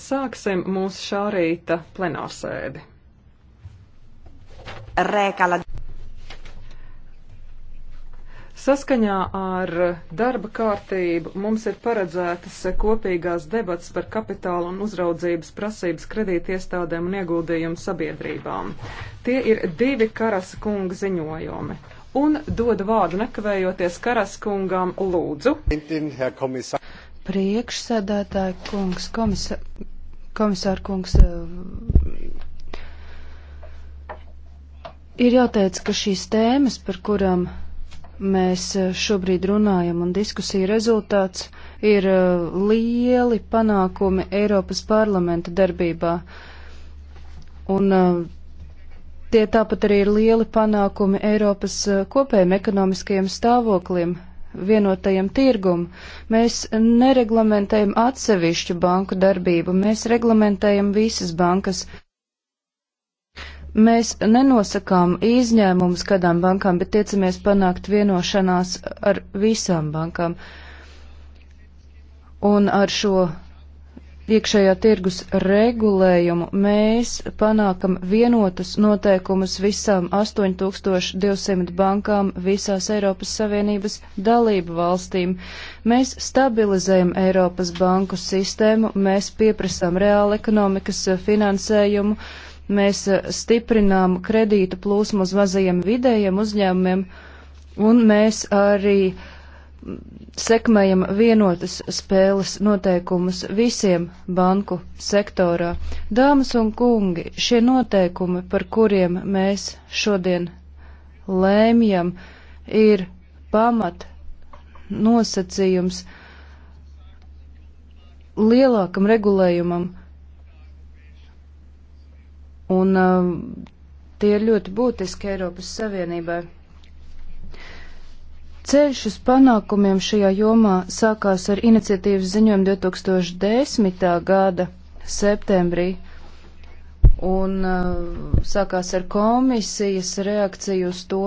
Sāksim mūsu šā rīta plenārsēdi. Rēkala. Saskaņā ar darba kārtību mums ir paredzētas kopīgās debats par kapitāla un uzraudzības prasības kredītiestādēm un ieguldījumu sabiedrībām. Tie ir divi karas kunga ziņojumi. Un dod vārdu nekavējoties karas kungām lūdzu. Herr Kommissar priekšsēdētāja kungs, komisa, komisāra kungs. Ir jāteic, ka šīs tēmas, par kurām mēs šobrīd runājam, un diskusija rezultāts ir lieli panākumi Eiropas parlamenta darbībā. Un tie tāpat arī ir lieli panākumi Eiropas kopējiem ekonomiskajiem stāvoklim vienotajam tirgum. Mēs nereglamentējam atsevišķu banku darbību, mēs reglamentējam visas bankas. Mēs nenosakām izņēmumus kādām bankām, bet tiecamies panākt vienošanās ar visām bankām. Un ar šo iekšējā tirgus regulējumu mēs panākam vienotus noteikumus visām 8200 bankām visās Eiropas Savienības dalību valstīm. Mēs stabilizējam Eiropas banku sistēmu, mēs pieprasām reāli ekonomikas finansējumu, mēs stiprinām kredītu plūsmu uz mazajiem vidējiem uzņēmumiem un mēs arī uh, sekmējam vienotas spēles noteikumus visiem banku sektorā. Dāmas un kungi, šie noteikumi, par kuriem mēs šodien lēmjam, ir pamat nosacījums lielākam regulējumam, un uh, tie ir ļoti būtiski Eiropas Savienībai. Ceļš uz panākumiem šajā jomā sākās ar iniciatīvas ziņojumu 2010. gada septembrī un uh, sākās ar komisijas reakciju uz to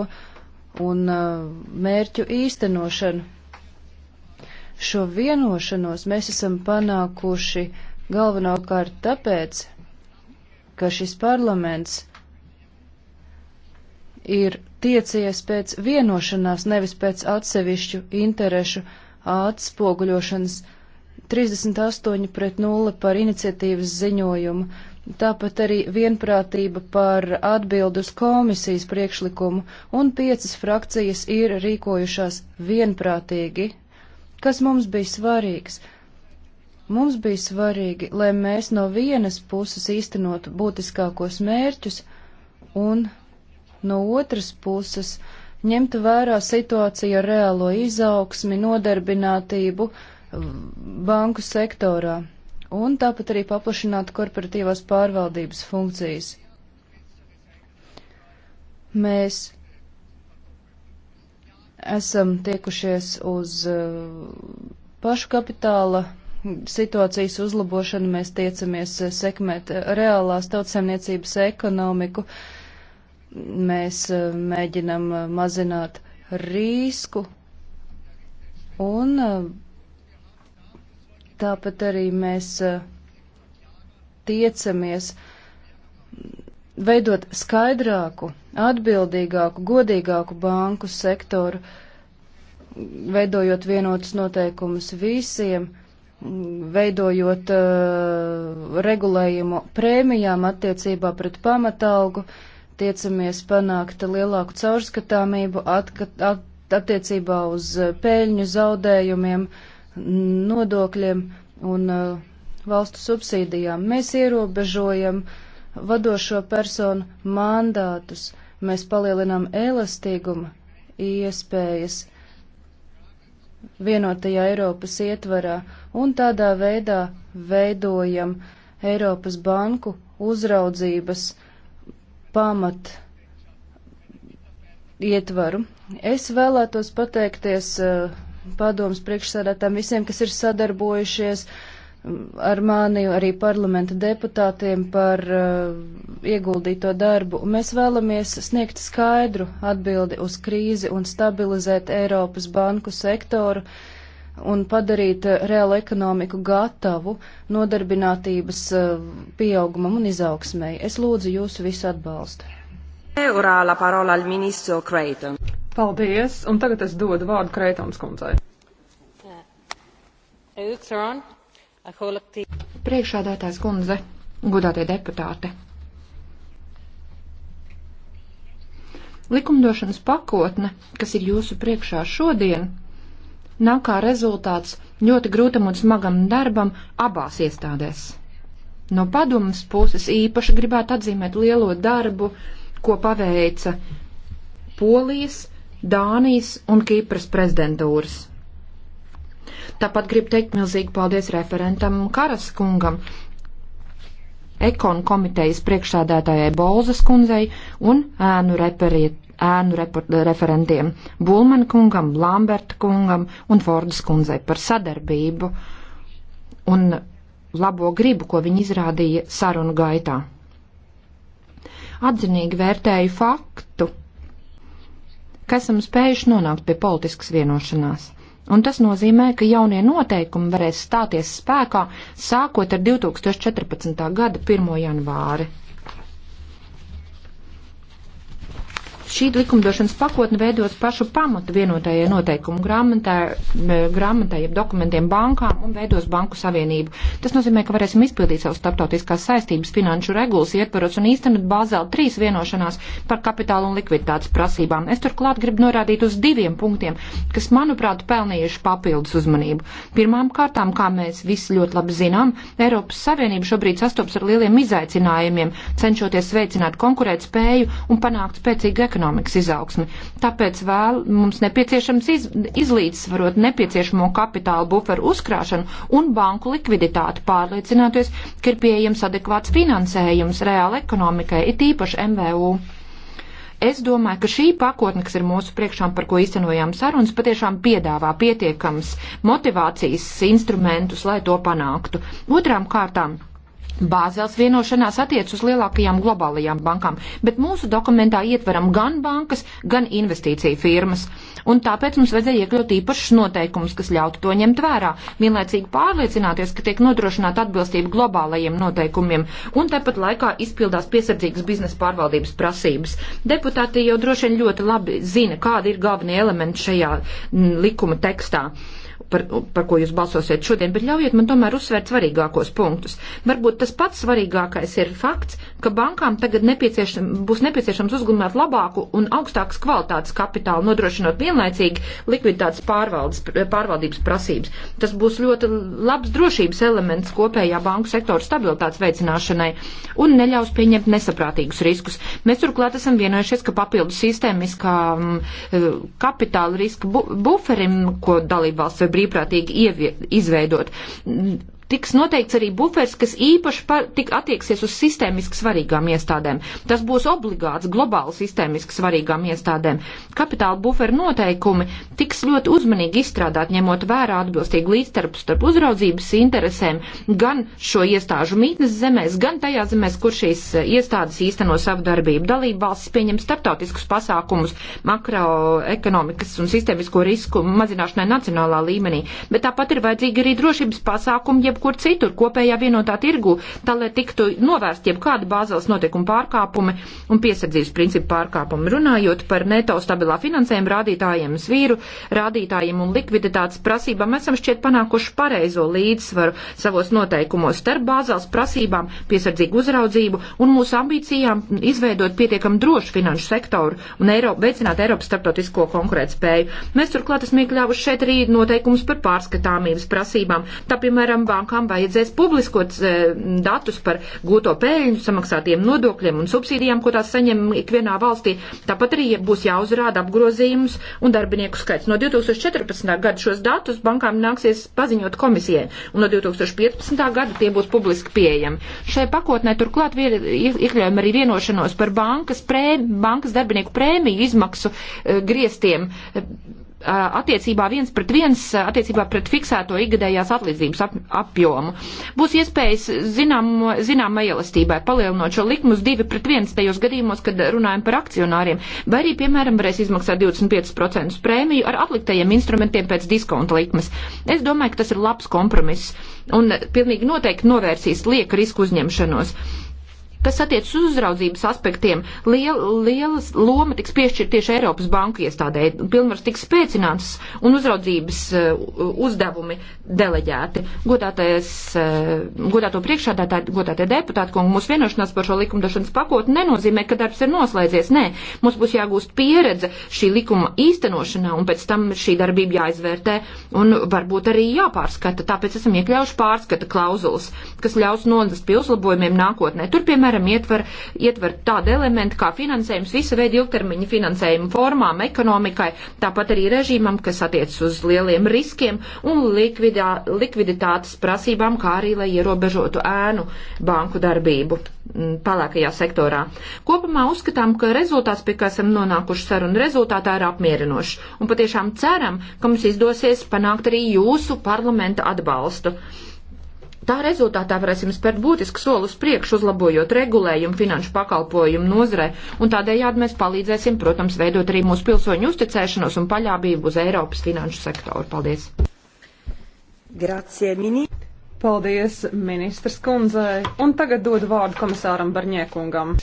un uh, mērķu īstenošanu. Šo vienošanos mēs esam panākuši galvenokārt tāpēc, ka šis parlaments ir tiecies pēc vienošanās, nevis pēc atsevišķu interešu atspoguļošanas. 38 pret 0 par iniciatīvas ziņojumu, tāpat arī vienprātība par atbildus komisijas priekšlikumu, un piecas frakcijas ir rīkojušās vienprātīgi. Kas mums bija svarīgs? Mums bija svarīgi, lai mēs no vienas puses īstenotu būtiskākos mērķus un no otras puses ņemtu vērā situāciju ar reālo izaugsmi, nodarbinātību um, banku sektorā un tāpat arī paplašinātu korporatīvās pārvaldības funkcijas. Mēs esam tiekušies uz uh, pašu kapitāla situācijas uzlabošanu, mēs tiecamies uh, sekmēt uh, reālās tautsēmniecības ekonomiku, uh, mēs eh, mēģinam eh, mazināt risku un eh, tāpat arī mēs tiecamies veidot skaidrāku, atbildīgāku, godīgāku banku sektoru, veidojot vienotus noteikumus visiem, veidojot uh, regulējumu prēmijām attiecībā pret pamatalgu, uh, tiecamies panākt lielāku caurskatāmību atkat, at, attiecībā uz eh, pēļņu zaudējumiem, nodokļiem un uh, valstu subsīdijām. Mēs ierobežojam vadošo personu mandātus, mēs palielinām elastīgumu iespējas vienotajā Eiropas ietvarā un tādā veidā veidojam Eiropas banku uzraudzības uh, pamat ietvaru. Es vēlētos pateikties eh, padomus priekšsēdētām visiem, kas ir sadarbojušies mm, ar mani, arī parlamenta deputātiem par uh, ieguldīto darbu. Mēs vēlamies sniegt skaidru atbildi uz krīzi un stabilizēt Eiropas banku sektoru, uh, un padarīt eh, reālu ekonomiku gatavu nodarbinātības eh, pieaugumam un izaugsmēji. Es lūdzu jūsu visu atbalstu. Paldies, un tagad es dodu vārdu Kreitons kundzei. Priekšādātājs kundze, godātie deputāti. Likumdošanas pakotne, kas ir jūsu priekšā šodien, nāk kā rezultāts ļoti grūtam un smagam darbam abās iestādēs. No padomas puses īpaši gribētu atzīmēt lielo darbu, ko paveica Polijas, Dānijas un Kipras prezidentūras. Tāpat gribu teikt milzīgi paldies referentam Karas kungam, ekonu komitejas priekšsādātājai Bolzas kundzei un ēnu reperiet ēnu referentiem Bulman kungam, Lamberta kungam un Fordas kundzei par sadarbību un labo gribu, ko viņi izrādīja sarunu gaitā. Atzinīgi vērtēju faktu, ka esam spējuši nonākt pie politiskas vienošanās un tas nozīmē, ka jaunie noteikumi varēs stāties spēkā sākot ar 2014. gada 1. janvāri. šī likumdošanas pakotne veidos pašu pamatu vienotajai noteikumu grāmatai, eh, jeb dokumentiem bankām un veidos banku savienību. Tas nozīmē, ka varēsim izpildīt savus starptautiskās saistības finanšu regulas ietvaros un īstenot Bāzēla 3 vienošanās par kapitālu un likviditātes prasībām. Es turklāt gribu norādīt uz diviem punktiem, kas, manuprāt, pelnījuši papildus uzmanību. Pirmām kārtām, kā mēs visi ļoti labi zinām, Eiropas Savienība šobrīd sastopas ar lieliem izaicinājumiem, cenšoties veicināt konkurētspēju un panākt spēcīgu ekonomiku ekonomikas izaugsmi. Tāpēc vēl mums nepieciešams iz, izlīdzsvarot nepieciešamo kapitālu buferu uzkrāšanu un banku likviditāti, pārliecinoties, ka ir pieejams adekvāts finansējums reāla ekonomikai, it īpaši MVU. Es domāju, ka šī pakotne, kas ir mūsu priekšām, par ko īstenojām sarunas, patiešām piedāvā pietiekams motivācijas instrumentus, lai to panāktu. Otrām kārtām Bāzels vienošanās attiec uz lielākajām globālajām bankām, bet mūsu dokumentā ietveram gan bankas, gan investīciju firmas. Un tāpēc mums vajadzēja iekļaut īpašus noteikumus, kas ļautu to ņemt vērā, vienlaicīgi pārliecināties, ka tiek nodrošināta atbilstība globālajiem noteikumiem, un tāpat laikā izpildās piesardzīgas biznesa pārvaldības prasības. Deputāti jau droši vien ļoti labi zina, kādi ir galvenie elementi šajā mm, likuma tekstā. Uh, par, par ko jūs balsosiet šodien, bet ļaujiet man tomēr uzsvērt svarīgākos punktus. Varbūt tas pats svarīgākais ir fakts, ka bankām tagad nepieciešam, būs nepieciešams uzglumēt labāku un augstākas kvalitātes kapitālu, nodrošinot vienlaicīgi likviditātes pārvaldības prasības. Tas būs ļoti labs drošības elements kopējā banku sektora stabilitātes veicināšanai un neļaus pieņemt nesaprātīgus riskus. Mēs turklāt esam vienojušies, ka papildus sistēmiskā mm, eh, kapitāla riska buferim, ko dalībvalsts vai brīvprātīgi izveidot tiks noteikts arī bufers, kas īpaši par, tik attieksies uz sistēmiski svarīgām iestādēm. Tas būs obligāts globāli sistēmiski svarīgām iestādēm. Kapitāla buferu noteikumi tiks ļoti uzmanīgi izstrādāt, ņemot vērā atbilstīgu līdzstarpu starp uzraudzības interesēm gan šo iestāžu mītnes zemēs, gan tajā zemēs, kur šīs eh, iestādes īsteno savu darbību. Dalība valsts pieņem starptautiskus pasākumus makroekonomikas un sistēmisko risku mazināšanai nacionālā līmenī, bet tāpat ir vajadzīgi arī drošības pasākumi, ja jebkur citur kopējā vienotā tirgu, tā lai tiktu novērst jebkāda bāzeles notiekuma pārkāpumi un piesardzības principu pārkāpumi. Runājot par neto stabilā finansējuma rādītājiem, svīru rādītājiem un likviditātes prasībām, esam šķiet panākuši pareizo līdzsvaru savos noteikumos starp bāzeles prasībām, piesardzīgu uzraudzību un mūsu ambīcijām izveidot pietiekam drošu finanšu sektoru un Eiro, veicināt Eiropas starptautisko konkurētspēju. Mēs turklāt esam iekļāvuši šeit arī noteikumus par pārskatāmības prasībām. Tā, piemēram, banku bankām vajadzēs publiskot eh, datus par gūto peļņu, samaksātiem nodokļiem un subsīdijām, ko tās saņem ikvienā valstī. Tāpat arī būs jāuzrāda apgrozījums un darbinieku skaits. No 2014. gada šos datus bankām nāksies paziņot komisijai, un no 2015. gada tie būs publiski pieejami. Šai pakotnē turklāt iekļaujam arī vienošanos par bankas, prē, bankas darbinieku prēmiju izmaksu eh, griestiem attiecībā viens pret viens, attiecībā pret fiksēto ikgadējās atlīdzības ap, apjomu. Būs iespējas zinām, zinām elastībai palielinot šo likmu uz 2 pret 1 tajos gadījumos, kad runājam par akcionāriem, vai arī, piemēram, varēs izmaksāt 25% prēmiju ar atliktajiem instrumentiem pēc diskonta likmes. Es domāju, ka tas ir labs kompromiss un pilnīgi noteikti novērsīs lieka risku uzņemšanos. Kas attiec uz uzraudzības aspektiem, liel, lielas loma tiks piešķirt tieši Eiropas banku iestādē, pilnvars tiks spēcināts un uzraudzības uh, uzdevumi deleģēti. Godātais, uh, godāto priekšādātāji, godātie deputāti, kungi, mūsu vienošanās par šo likumdošanas pakotu nenozīmē, ka darbs ir noslēdzies. Nē, mums būs jāgūst pieredze šī likuma īstenošanā un pēc tam šī darbība jāizvērtē un varbūt arī jāpārskata. Tāpēc esam iekļaujuši pārskata klauzulas, kas ļaus nodast pie uzlabojumiem nākotnē. Tur, piemēram, piemēram, ietver, ietver tādu elementu kā finansējums, visa veida ilgtermiņa finansējuma formām, ekonomikai, tāpat arī režīmam, kas attiecas uz lieliem riskiem un likvidā, likviditātes prasībām, kā arī, lai ierobežotu ēnu banku darbību palākajā mm, sektorā. Kopumā uzskatām, ka rezultāts, pie kā esam nonākuši sarunu rezultātā, ir apmierinošs. Un patiešām ceram, ka mums izdosies panākt arī jūsu parlamenta atbalstu. Tā rezultātā varēsim spērt būtisku soli uz priekšu, uzlabojot regulējumu finanšu pakalpojumu nozarē, un tādējādi mēs palīdzēsim, protams, veidot arī mūsu pilsoņu uzticēšanos un paļāvību uz Eiropas finanšu sektoru. Paldies! Grazie, mini. Paldies, ministrs kundzei, un tagad dodu vārdu komisāram Barņēkungam.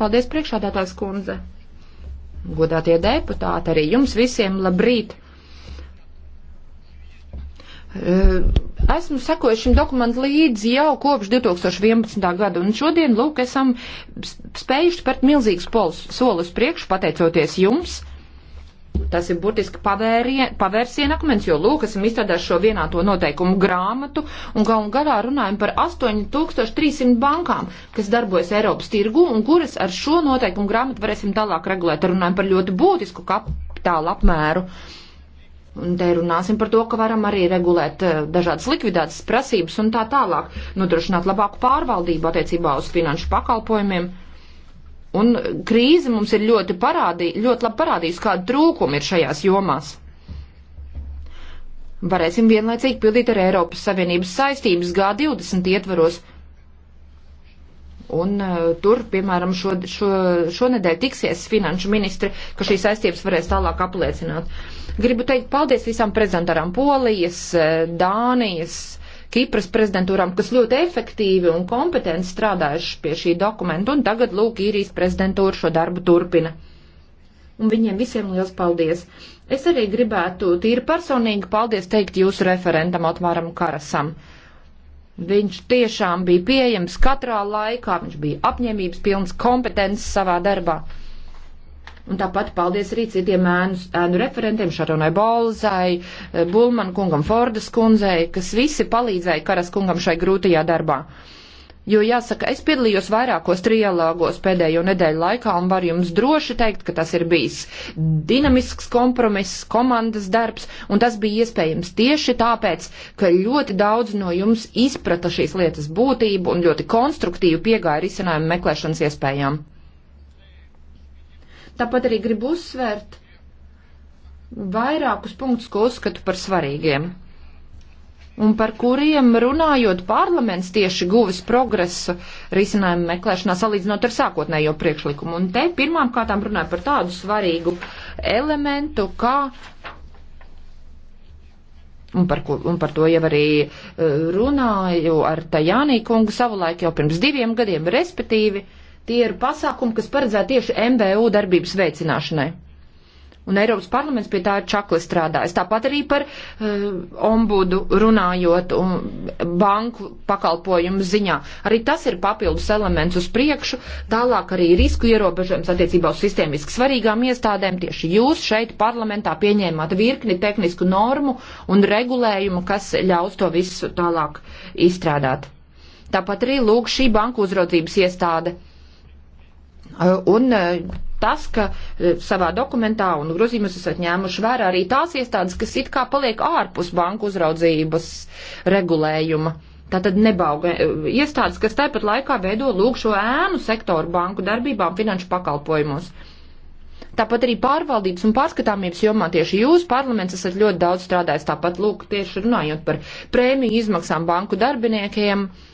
Paldies, priekšādātājs kundze. Godātie deputāti, arī jums visiem labrīt! Eh, esmu sekojuši šim dokumentam līdzi jau kopš 2011. gada, un šodien, lūk, esam spējuši spērt milzīgus solus priekšu, pateicoties jums. Tas ir burtiski pavērsiena akmens, jo, lūk, esam izstrādājuši šo vienāto noteikumu grāmatu, un gal un galā runājam par 8300 bankām, kas darbojas Eiropas tirgu, un kuras ar šo noteikumu grāmatu varēsim tālāk regulēt. Runājam par ļoti būtisku kapitāla apmēru. Uh, Un te runāsim par to, ka varam arī regulēt eh, dažādas likvidācijas prasības un tā tālāk, nodrošināt labāku pārvaldību attiecībā uz finanšu pakalpojumiem. Un krīze mums ir ļoti, parādī, ļoti labi parādījusi, kāda trūkuma ir šajās jomās. Varēsim vienlaicīgi pildīt ar Eiropas Savienības saistības G20 ietvaros Un uh, tur, piemēram, šo, šo, šonedēļ tiksies finanšu ministri, ka šīs aizstības varēs tālāk apliecināt. Gribu teikt paldies visām prezentarām Polijas, uh, Dānijas, Kipras prezidentūram, kas ļoti efektīvi un kompetenti strādājuši pie šī dokumenta, un tagad, lūk, īrijas prezidentūra šo darbu turpina. Un viņiem visiem liels paldies! Es arī gribētu tīri personīgi paldies teikt jūsu referentam Otmāram Karasam. Uh, Viņš tiešām bija pieejams katrā laikā, viņš bija apņēmības pilns, kompetents savā darbā. Un tāpat paldies arī citiem ēnu, ēnu referentiem, Šaronai Bolzai, Bulman kungam, Fordas kundzei, kas visi palīdzēja karas kungam šai grūtajā darbā. Jo jāsaka, es piedalījos vairākos trialogos pēdējo nedēļu laikā un varu jums droši teikt, ka tas ir bijis dinamisks kompromiss, komandas darbs, un tas bija iespējams tieši tāpēc, ka ļoti daudz no jums izprata šīs lietas būtību un ļoti konstruktīvi piegāja risinājumu meklēšanas iespējām. Tāpat arī gribu uzsvērt vairākus punktus, ko uzskatu par svarīgiem un par kuriem runājot parlaments tieši guvis progresu risinājumu meklēšanā salīdzinot ar sākotnējo priekšlikumu. Un te pirmām kārtām runāja par tādu svarīgu elementu, kā un par, ko, un par to jau arī e, runāju ar Tajānī kungu savulaik jau pirms diviem gadiem, respektīvi, tie ir pasākumi, kas paredzēti tieši MVU darbības veicināšanai. Un Eiropas parlaments pie tā ir čakli strādājis. Tāpat arī par uh, ombudu runājot un banku pakalpojumu ziņā. Arī tas ir papildus elements uz priekšu. Tālāk arī risku ierobežojums attiecībā uz sistēmiski svarīgām iestādēm. Tieši jūs šeit parlamentā pieņēmāt virkni tehnisku normu un regulējumu, kas ļaus to visu tālāk izstrādāt. Tāpat arī lūk šī banku uzraudzības iestāde. Uh, un, uh, tas, ka e, savā dokumentā un grozījumus esat ņēmuši vērā arī tās iestādes, kas it kā paliek ārpus banku uzraudzības regulējuma. Tātad nebauga e, iestādes, kas tāpat laikā veido lūk šo ēnu sektoru banku darbībām finanšu pakalpojumos. Tāpat arī pārvaldības un pārskatāmības jomā tieši jūs, parlaments, esat ļoti daudz strādājis. Tāpat, lūk, tieši runājot par prēmiju izmaksām banku darbiniekiem. Uh,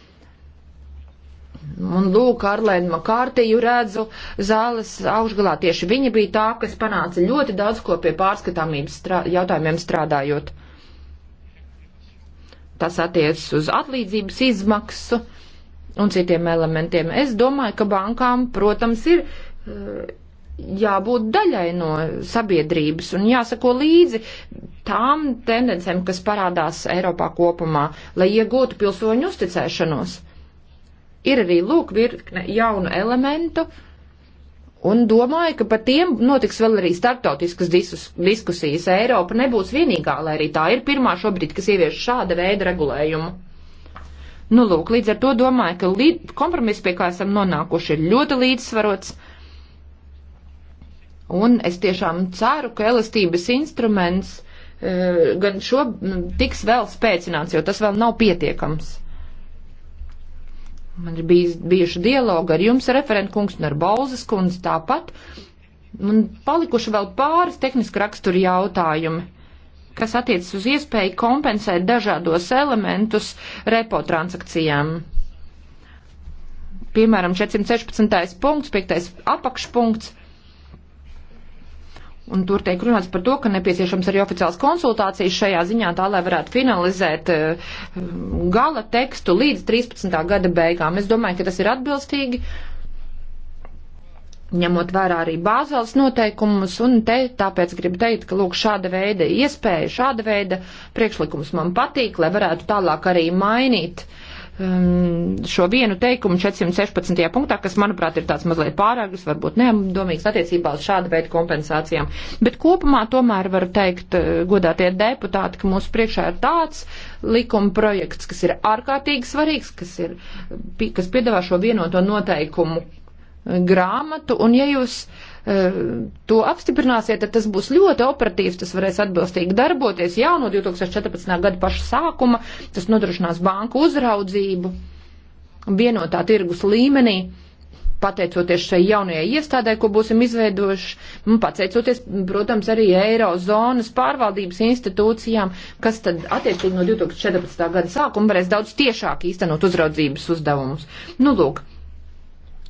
Un lūk, Arlēna Makārtiju redzu zāles augšgalā. Tieši viņa bija tā, kas panāca ļoti daudz ko pie pārskatāmības strā jautājumiem strādājot. Tas attiecas uz atlīdzības izmaksu un citiem elementiem. Es domāju, ka bankām, protams, ir eh, jābūt daļai no sabiedrības un jāsako līdzi tām tendencēm, kas parādās Eiropā kopumā, lai iegūtu pilsoņu uzticēšanos. Ir arī lūk virkne jaunu elementu, un domāju, ka par tiem notiks vēl arī startautiskas diskus, diskusijas. Eiropa nebūs vienīgā, lai arī tā ir pirmā šobrīd, kas ievieš šāda veida regulējumu. Nu, lūk, līdz ar to domāju, ka līd, kompromiss, pie kā esam nonākuši, ir ļoti līdzsvarots. Un es tiešām ceru, ka elastības instruments eh, gan šo tiks vēl spēcināts, jo tas vēl nav pietiekams. Man ir bijis, bijuši dialogi ar jums, referentkungs, un ar Balzas kundzi tāpat. Un palikuši vēl pāris tehniski raksturi jautājumi, kas attiecas uz iespēju kompensēt dažādos elementus repo transakcijām. Piemēram, 416. punkts, 5. apakšpunkts Un tur tiek runāts par to, ka nepieciešams arī oficiāls konsultācijas šajā ziņā, tā lai varētu finalizēt eh, gala tekstu līdz 13. gada beigām. Es domāju, ka tas ir atbilstīgi, ņemot vērā arī bāzels noteikumus, un te tāpēc gribu teikt, ka lūk šāda veida iespēja, šāda veida priekšlikums man patīk, lai varētu tālāk arī mainīt uh, um, šo vienu teikumu 416. punktā, kas, manuprāt, ir tāds mazliet pārāgas, varbūt neapdomīgs attiecībā uz šādu veidu kompensācijām. Bet kopumā tomēr var teikt, uh, godātie deputāti, ka mūsu priekšā ir tāds likuma projekts, kas ir ārkārtīgi svarīgs, kas, ir, kas piedāvā šo vienoto noteikumu uh, grāmatu, un ja jūs uh, to apstiprināsiet, tad tas būs ļoti operatīvs, tas varēs atbilstīgi darboties jau no 2014. gada paša sākuma, tas nodrošinās banku uzraudzību vienotā tirgus līmenī. Pateicoties šai jaunajai iestādē, ko būsim izveidojuši, un pateicoties, protams, arī Eirozonas pārvaldības institūcijām, kas tad attiecīgi no 2014. gada sākuma varēs daudz tiešāk īstenot uzraudzības uzdevumus. Nu, lūk,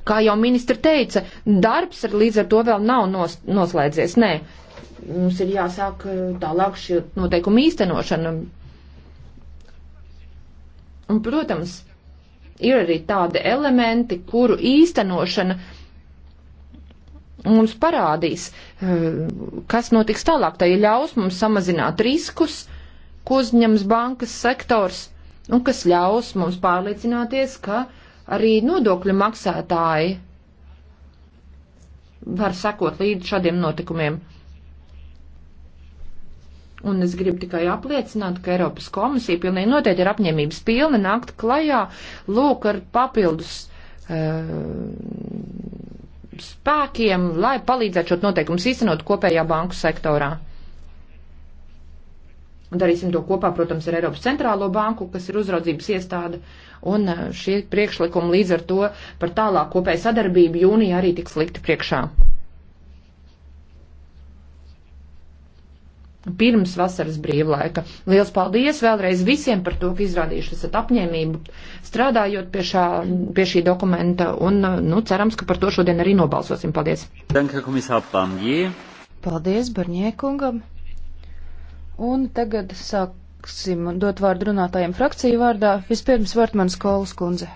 Kā jau ministra teica, darbs ar līdz ar to vēl nav nos, noslēdzies. Nē, mums ir jāsāk eh, tālāk šī noteikuma īstenošana. Un, protams, ir arī tādi elementi, kuru īstenošana mums parādīs, eh, kas notiks tālāk. Tā ja ļaus mums samazināt riskus, ko uzņems bankas sektors, un kas ļaus mums pārliecināties, ka uh, Arī nodokļu maksātāji var sekot līdz šādiem notikumiem. Un es gribu tikai apliecināt, ka Eiropas komisija pilnīgi noteikti ir apņēmības pilna nākt klajā, lūk, ar papildus uh, spēkiem, lai palīdzētu šos noteikumus īstenot kopējā banku sektorā. Un darīsim to kopā, protams, ar Eiropas centrālo banku, kas ir uzraudzības iestāde, uh, un eh, šie priekšlikumi līdz ar to par tālāk kopēju sadarbību jūnijā arī tiks likti priekšā. Pirms vasaras brīvlaika. Liels paldies vēlreiz visiem par to, ka izrādījuši esat apņēmību strādājot pie, šā, pie šī dokumenta un, eh, nu, cerams, ka par to šodien arī nobalsosim. Paldies! Danke, komisār Pamjē! Paldies Barņiekungam! Un tagad sāk sāksim dot vārdu runātājiem frakciju vārdā. Vispirms Vartmanas Kolas kundze.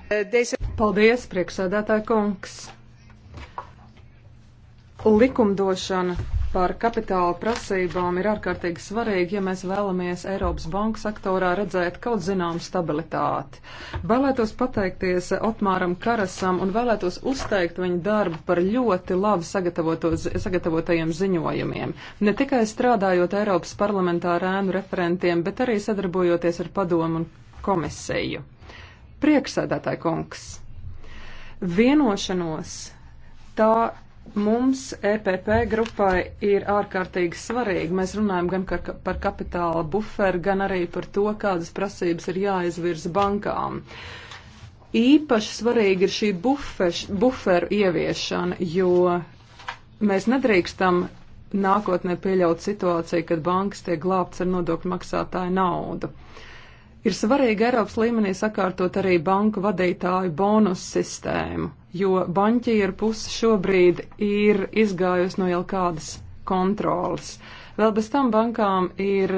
Paldies, priekšsēdētāja kungs. Likumdošana par kapitāla prasībām ir ārkārtīgi svarīgi, ja mēs vēlamies Eiropas banku sektorā redzēt kaut zinām stabilitāti. Vēlētos pateikties Otmāram Karasam un vēlētos uzteikt viņa darbu par ļoti labi sagatavotajiem ziņojumiem. Ne tikai strādājot Eiropas parlamentā rēnu referentiem, bet arī sadarbojoties ar padomu un komisiju. Prieksēdētāji kungs, vienošanos tā Mums EPP grupai ir ārkārtīgi svarīgi. Mēs runājam gan par kapitāla buferu, gan arī par to, kādas prasības ir jāizvirza bankām. Īpaši svarīgi ir šī bufeš, buferu ieviešana, jo mēs nedrīkstam nākotnē pieļaut situāciju, kad bankas tiek glābts ar nodokļu maksātāju naudu. Uh, Ir svarīgi Eiropas līmenī sakārtot arī banku vadītāju bonus sistēmu, jo banķieru puse šobrīd ir izgājusi no jau kādas kontrolas. Vēl bez tam bankām ir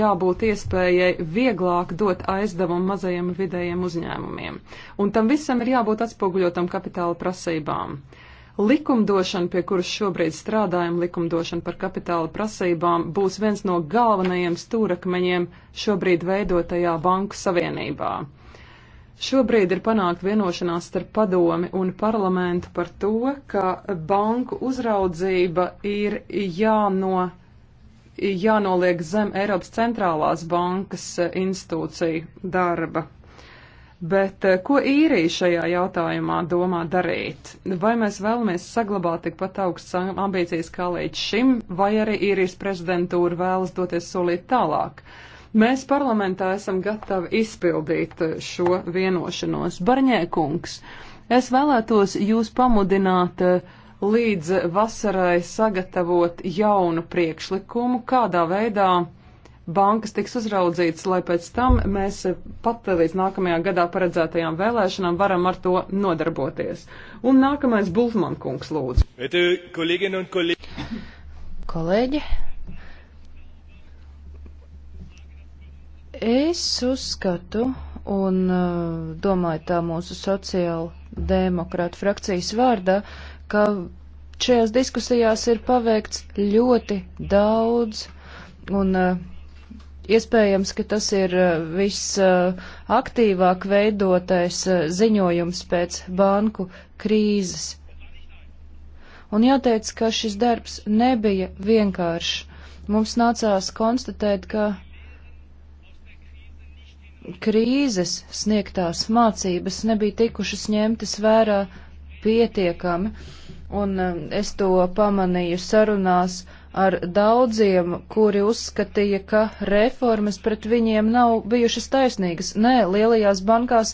jābūt iespējai vieglāk dot aizdevumu mazajiem un vidējiem uzņēmumiem. Un tam visam ir jābūt atspoguļotam kapitāla prasībām. Likumdošana, pie kuras šobrīd strādājam, likumdošana par kapitāla prasībām, būs viens no galvenajiem stūrakmeņiem šobrīd veidotajā banku savienībā. Šobrīd ir panākt vienošanās starp padomi un parlamentu par to, ka banku uzraudzība ir jāno, jānoliek zem Eiropas centrālās bankas institūciju darba Bet eh, ko īrija šajā jautājumā domā darīt? Vai mēs vēlamies saglabāt tikpat augstas ambīcijas kā līdz šim, vai arī īrijas prezidentūra vēlas doties solīt tālāk? Mēs parlamentā esam gatavi izpildīt eh, šo vienošanos. Barņēkungs, es vēlētos jūs pamudināt eh, līdz vasarai sagatavot jaunu priekšlikumu, kādā veidā bankas tiks uzraudzītas, lai pēc tam mēs pat līdz nākamajā gadā paredzētajām vēlēšanām varam ar to nodarboties. Un nākamais Bulfman kungs lūdzu. Kolēģi, es uzskatu un uh, domāju tā mūsu sociāla demokrāta frakcijas vārdā, ka šajās diskusijās ir paveikts ļoti daudz un uh, Iespējams, ka tas ir eh, visaktīvāk veidotais eh, ziņojums pēc banku krīzes. Un jāteic, ka šis darbs nebija vienkāršs. Mums nācās konstatēt, ka krīzes sniegtās mācības nebija tikušas ņemtas vērā pietiekami, un eh, es to pamanīju sarunās uh, ar daudziem, kuri uzskatīja, ka reformas pret viņiem nav bijušas taisnīgas. Nē, lielajās bankās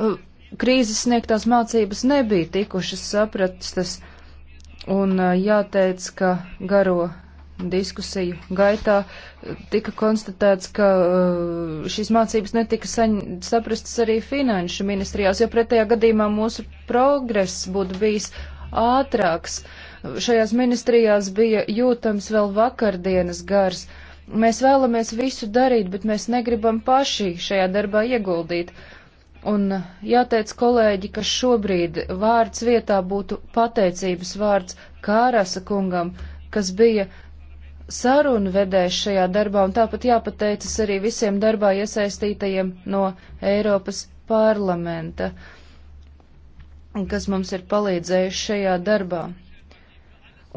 uh, krīzes sniegtās mācības nebija tikušas saprastas, un uh, jāteic, ka garo diskusiju gaitā uh, tika konstatēts, ka uh, šīs mācības netika saprastas arī finanšu ministrijās, jo pretējā gadījumā mūsu progress būtu bijis ātrāks. Uh, šajās ministrijās bija jūtams vēl vakardienas gars. Mēs vēlamies visu darīt, bet mēs negribam paši šajā darbā ieguldīt. Un jāteic kolēģi, ka šobrīd vārds vietā būtu pateicības vārds Kārasa kungam, kas bija sarunu vedējs šajā darbā, un tāpat jāpateicas arī visiem darbā iesaistītajiem no Eiropas parlamenta, kas mums ir palīdzējuši šajā darbā.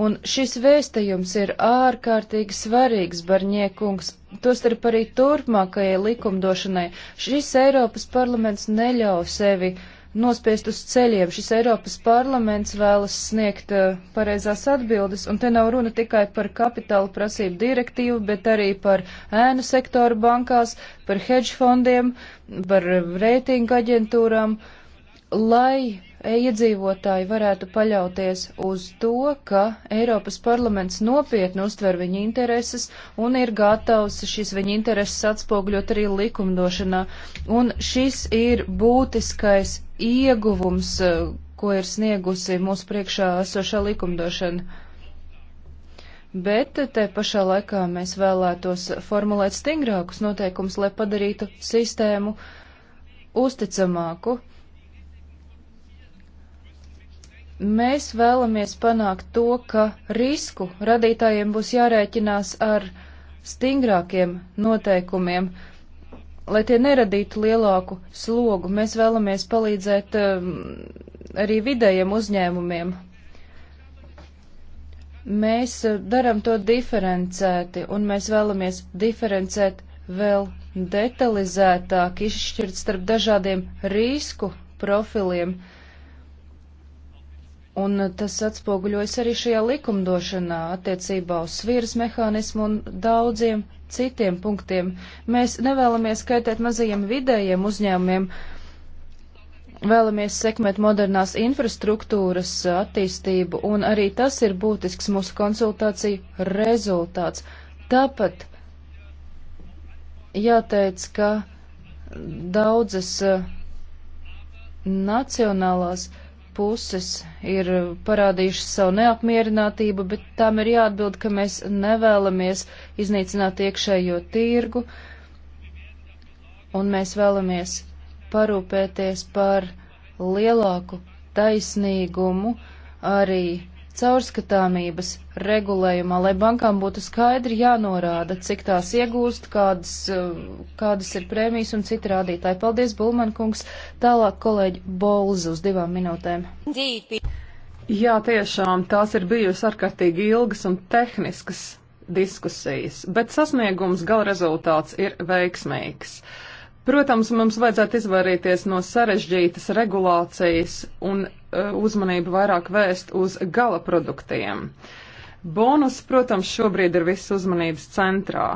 Un šis vēstījums ir ārkārtīgi svarīgs, Barņiekungs, tostarp arī turpmākajai likumdošanai. Šis Eiropas parlaments neļauj sevi nospiest uz ceļiem. Šis Eiropas parlaments vēlas sniegt uh, pareizās atbildes, un te nav runa tikai par kapitāla prasību direktīvu, bet arī par ēnu sektoru bankās, par hedge fondiem, par reitingu aģentūrām, lai iedzīvotāji varētu paļauties uz to, ka Eiropas parlaments nopietni uztver viņu intereses un ir gatavs šīs viņa intereses atspogļot arī likumdošanā. Un šis ir būtiskais ieguvums, eh, ko ir sniegusi mūsu priekšā esošā likumdošana bet te pašā laikā mēs vēlētos formulēt stingrākus noteikumus, lai padarītu sistēmu uzticamāku. Mēs vēlamies panākt to, ka risku radītājiem būs jārēķinās ar stingrākiem noteikumiem, lai tie neradītu lielāku slogu. Mēs vēlamies palīdzēt um, arī vidējiem uzņēmumiem. Mēs uh, darām to diferencēti, un mēs vēlamies diferencēt vēl detalizētāk, izšķirt starp dažādiem risku profiliem. Uh, Un tas atspoguļojas arī šajā likumdošanā attiecībā uz sviras mehānismu un daudziem citiem punktiem. Mēs nevēlamies kaitēt mazajiem vidējiem uzņēmumiem, vēlamies sekmēt modernās infrastruktūras attīstību, un arī tas ir būtisks mūsu konsultāciju rezultāts. Tāpat jāteic, ka daudzas eh, nacionālās uh, puses ir parādījušas savu neapmierinātību, bet tām ir jāatbild, ka mēs nevēlamies iznīcināt iekšējo tirgu, un mēs vēlamies parūpēties par lielāku taisnīgumu arī caurskatāmības regulējumā, lai bankām būtu skaidri jānorāda, cik tās iegūst, kādas, eh, kādas ir prēmijas un citi rādītāji. Paldies, Bulman kungs. Tālāk kolēģi Bolza uz divām minūtēm. Jā, tiešām tās ir bijusi ārkārtīgi ilgas un tehniskas diskusijas, bet sasniegums gal rezultāts ir veiksmīgs. Uh, Protams, mums vajadzētu izvairīties no sarežģītas regulācijas un uh, uzmanību vairāk vēst uz gala produktiem. Bonus, protams, šobrīd ir viss uzmanības centrā.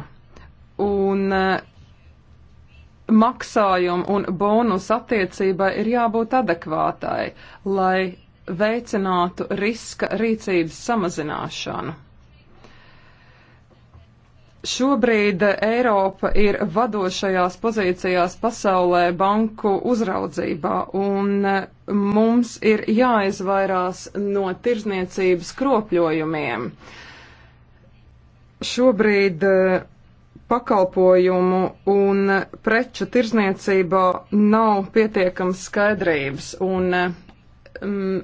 Un uh, e, maksājumu un bonus attiecībai ir jābūt adekvātai, lai veicinātu riska rīcības samazināšanu. Šobrīd Eiropa ir vadošajās pozīcijās pasaulē banku uzraudzībā, un mums ir jāizvairās no tirzniecības kropļojumiem. Šobrīd eh, pakalpojumu un preču tirzniecībā nav pietiekams skaidrības, un mm,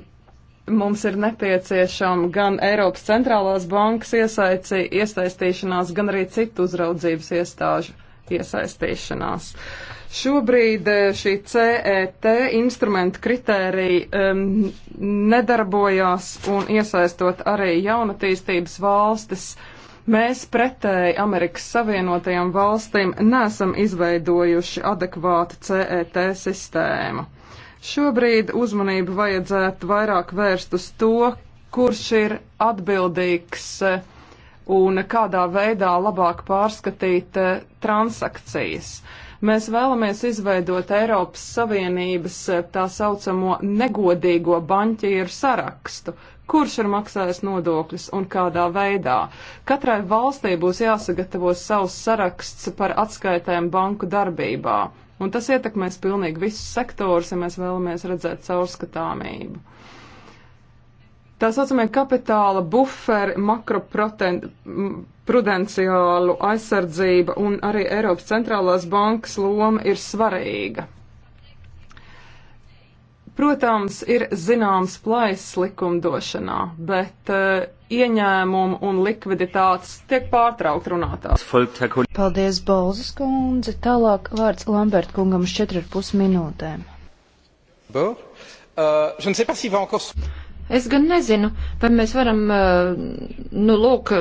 mums ir nepieciešama gan Eiropas centrālās bankas iesaici, iesaistīšanās, gan arī citu uzraudzības iestāžu iesaistīšanās. Šobrīd eh, šī CET instrumenta kritērija um, nedarbojās un iesaistot arī jaunatīstības valstis. Mēs pretēji Amerikas Savienotajām valstīm nesam izveidojuši adekvātu CET sistēmu. Šobrīd uzmanību vajadzētu vairāk vērst uz to, kurš ir atbildīgs eh, un kādā veidā labāk pārskatīt eh, transakcijas. Mēs vēlamies izveidot Eiropas Savienības eh, tā saucamo negodīgo baņķieru sarakstu, kurš ir maksājis nodokļus un kādā veidā. Katrai valstī būs jāsagatavo savs saraksts par atskaitēm banku darbībā. Un tas ietekmēs pilnīgi visus sektors, ja mēs vēlamies redzēt caurskatāmību. Tā saucamie kapitāla buferi, makroprudenciālu aizsardzība un arī Eiropas centrālās bankas loma ir svarīga. Protams, ir zināms plaisas likumdošanā, bet uh, ieņēmumu un likviditātes tiek pārtraukt runātās. Paldies, Balzas kundze. Tālāk vārds Lambert kungam uz 4,5 minūtēm. Bo? Uh, Es gan nezinu, vai mēs varam, eh, nu, lūk,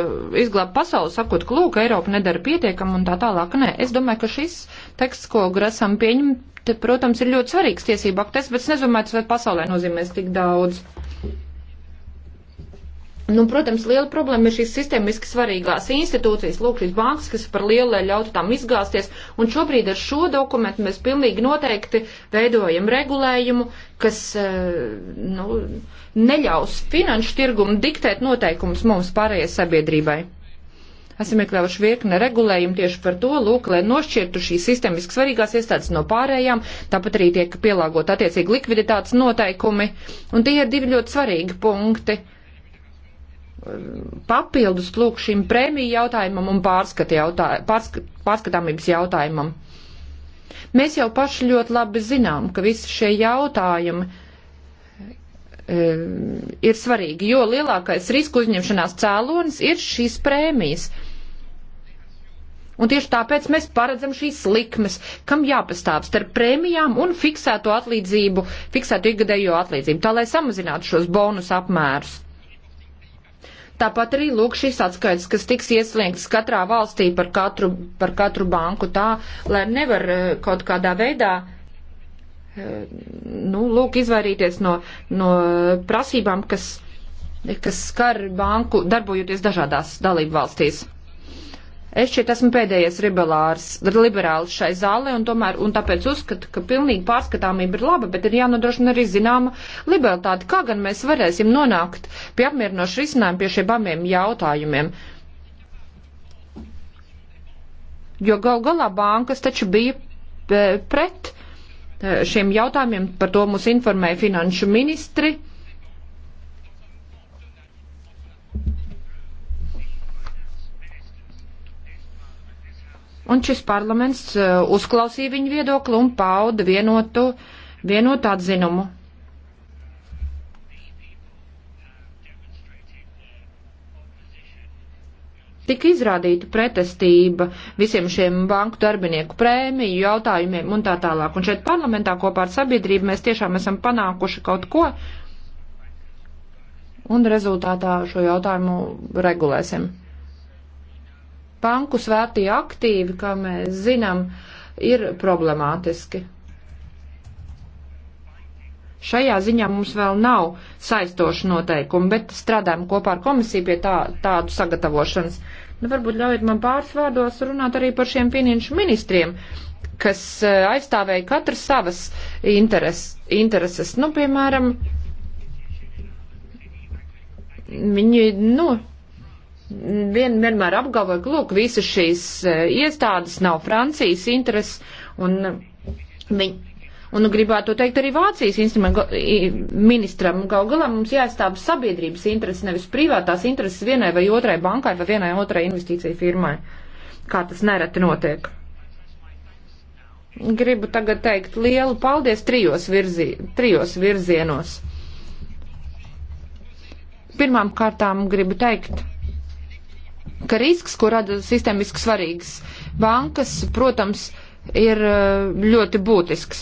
izglābt pasauli, sakot, ka, lūk, Eiropa nedara pietiekam un tā tālāk. Nē, es domāju, ka šis teksts, ko grasam pieņemt, te, protams, ir ļoti svarīgs tiesību aktes, bet es nezinu, vai pasaulē nozīmēs tik daudz. Nu, protams, liela problēma ir šīs sistēmiski svarīgās institūcijas, lūk, šīs bankas, kas par lielu, lai ļautu tām izgāzties. Un šobrīd ar šo dokumentu mēs pilnīgi noteikti veidojam regulējumu, kas eh, nu, neļaus finanšu tirgumu diktēt noteikumus mums pārējai sabiedrībai. Esam iekļāvuši virkne regulējumu tieši par to, lūk, lai nošķirtu šīs sistemiski svarīgās iestādes no pārējām, tāpat arī tiek pielāgot attiecīgi likviditātes noteikumi, un tie ir divi ļoti svarīgi punkti papildus lūk šim prēmiju jautājumam un pārskata jautā, pārska, pārskatāmības jautājumam. Mēs jau paši ļoti labi zinām, ka visi šie jautājumi e, ir svarīgi, jo lielākais risku uzņemšanās cēlonis ir šīs prēmijas. Un tieši tāpēc mēs paredzam šīs likmes, kam jāpastāv starp prēmijām un fiksēto atlīdzību, fiksēto ikgadējo atlīdzību, tā lai samazinātu šos bonus apmērus. Tāpat arī lūk šīs atskaits, kas tiks iesliegts katrā valstī par katru, par katru banku tā, lai nevar eh, kaut kādā veidā eh, nu, lūk, izvairīties no, no prasībām, kas, kas skar banku darbojoties dažādās dalību valstīs. Es šeit esmu pēdējais liberāls šai zālē, un, tomēr, un tāpēc uzskatu, ka pilnīgi pārskatāmība ir laba, bet ir jānodrošina arī zināma liberalitāte. Kā gan mēs varēsim nonākt pie apmierinošu risinājumu pie šiem abiem jautājumiem? Jo gal galā bankas taču bija eh, pret eh, šiem jautājumiem, par to mūs informēja finanšu ministri Un šis parlaments eh, uzklausīja viņu viedokli un pauda vienotu, vienotu atzinumu. tika izrādīta pretestība visiem šiem banku darbinieku prēmiju jautājumiem un tā tālāk. Un šeit parlamentā kopā ar sabiedrību mēs tiešām esam panākuši kaut ko, un rezultātā šo jautājumu regulēsim banku svētī aktīvi, kā mēs zinām, ir problemātiski. Šajā ziņā mums vēl nav saistošu noteikumu, bet strādājam kopā ar komisiju pie tā, tādu sagatavošanas. Nu, varbūt ļaujiet man pāris vārdos runāt arī par šiem finanšu ministriem, kas eh, aizstāvēja katru savas interes, intereses. Nu, piemēram, viņi, nu, vien, vienmēr apgalvoja, ka, lūk, visas šīs e, iestādes nav Francijas intereses, un, e, viņ, un nu gribētu to teikt arī Vācijas ministram. Gal galā mums jāizstāv sabiedrības intereses, nevis privātās intereses vienai vai otrai bankai vai vienai otrai investīcija firmai, kā tas nereti notiek. Gribu tagad teikt lielu paldies trijos, virzi, trijos virzienos. Pirmām kārtām gribu teikt, ka risks, ko rada sistēmiski svarīgas bankas, protams, ir eh, ļoti būtisks.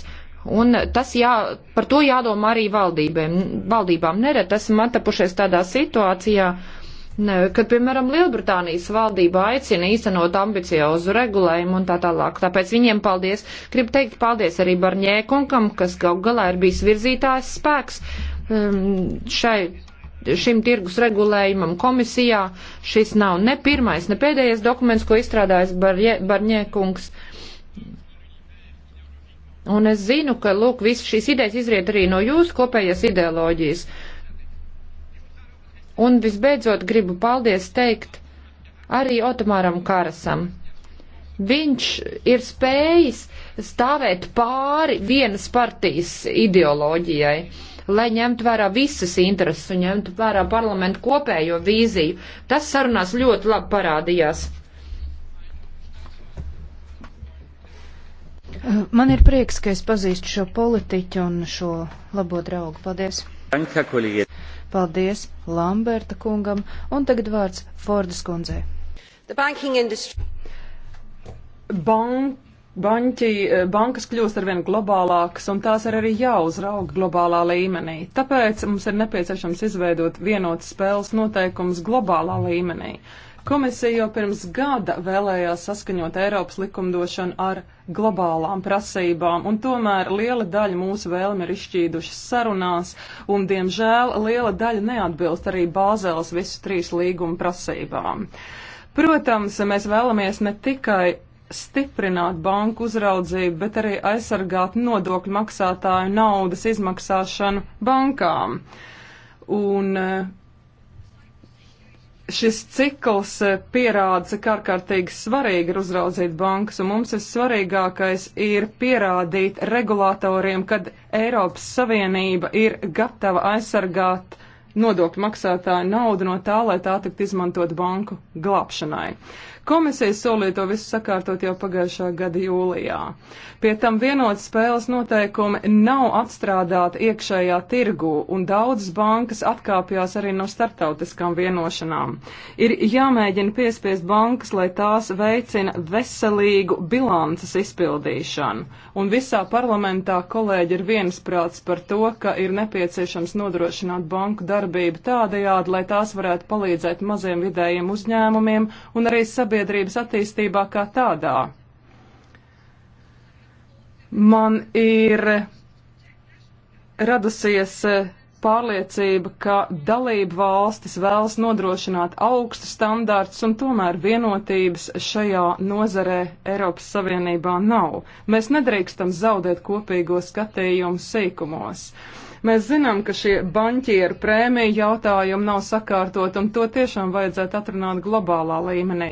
Un tas jā, par to jādomā arī valdībiem. valdībām. Neret esam atapušies tādā situācijā, kad, piemēram, Lielbritānijas valdība aicina īstenot ambiciozu regulējumu un tā tālāk. Tāpēc viņiem paldies. Gribu teikt paldies arī Barņēkunkam, kas gal galā ir bijis virzītājs spēks um, šai šim tirgus regulējumam komisijā. Šis nav ne pirmais, ne pēdējais dokuments, ko izstrādājas Barņē, Barņēkungs. Un es zinu, ka, lūk, visas šīs idejas izriet arī no jūsu kopējas ideoloģijas. Un visbeidzot gribu paldies teikt arī Otomāram Karasam. Viņš ir spējis stāvēt pāri vienas partijas ideoloģijai lai ņemtu vērā visas intereses un ņemtu vērā parlamentu kopējo vīziju. Tas sarunās ļoti labi parādījās. Man ir prieks, ka es pazīstu šo politiķu un šo labo draugu. Paldies! Paldies Lamberta kungam, un tagad vārds Fordas kundzei. Banku Banķi, eh, bankas kļūst arvien globālākas, un tās ir arī jāuzrauga globālā līmenī. Tāpēc mums ir nepieciešams izveidot vienotas spēles noteikumus globālā līmenī. Komisija jau pirms gada vēlējās saskaņot Eiropas likumdošanu ar globālām prasībām, un tomēr liela daļa mūsu vēlmi ir izšķīdušas sarunās, un, diemžēl, liela daļa neatbilst arī Bāzēlas visu trīs līguma prasībām. Protams, mēs vēlamies ne tikai stiprināt banku uzraudzību, bet arī aizsargāt nodokļu maksātāju naudas izmaksāšanu bankām. Un eh, šis cikls eh, pierāda, cik ārkārtīgi svarīgi ir uzraudzīt bankas, un mums ir svarīgākais ir pierādīt regulātoriem, kad Eiropas Savienība ir gatava aizsargāt nodokļu maksātāju naudu no tā, lai tā tiktu izmantot banku glābšanai. Komisija solīja to visu sakārtot jau pagājušā gada jūlijā. Pie tam vienot spēles noteikumi nav atstrādāti iekšējā tirgu, un daudzas bankas atkāpjās arī no startautiskām vienošanām. Ir jāmēģina piespiest bankas, lai tās veicina veselīgu bilances izpildīšanu, un visā parlamentā kolēģi ir viensprāts par to, ka ir nepieciešams nodrošināt banku darbību tādajādi, lai tās varētu palīdzēt maziem vidējiem uzņēmumiem un arī sabiedrībām sabiedrības attīstībā kā tādā. Man ir radusies e, pārliecība, ka dalību valstis vēlas nodrošināt augstu standārtus, un tomēr vienotības šajā nozarē Eiropas Savienībā nav. Mēs nedrīkstam zaudēt kopīgo skatījumu sīkumos. Uh, Mēs zinām, ka šie banķieru prēmiju jautājumi nav sakārtot, un to tiešām vajadzētu atrunāt globālā līmenī.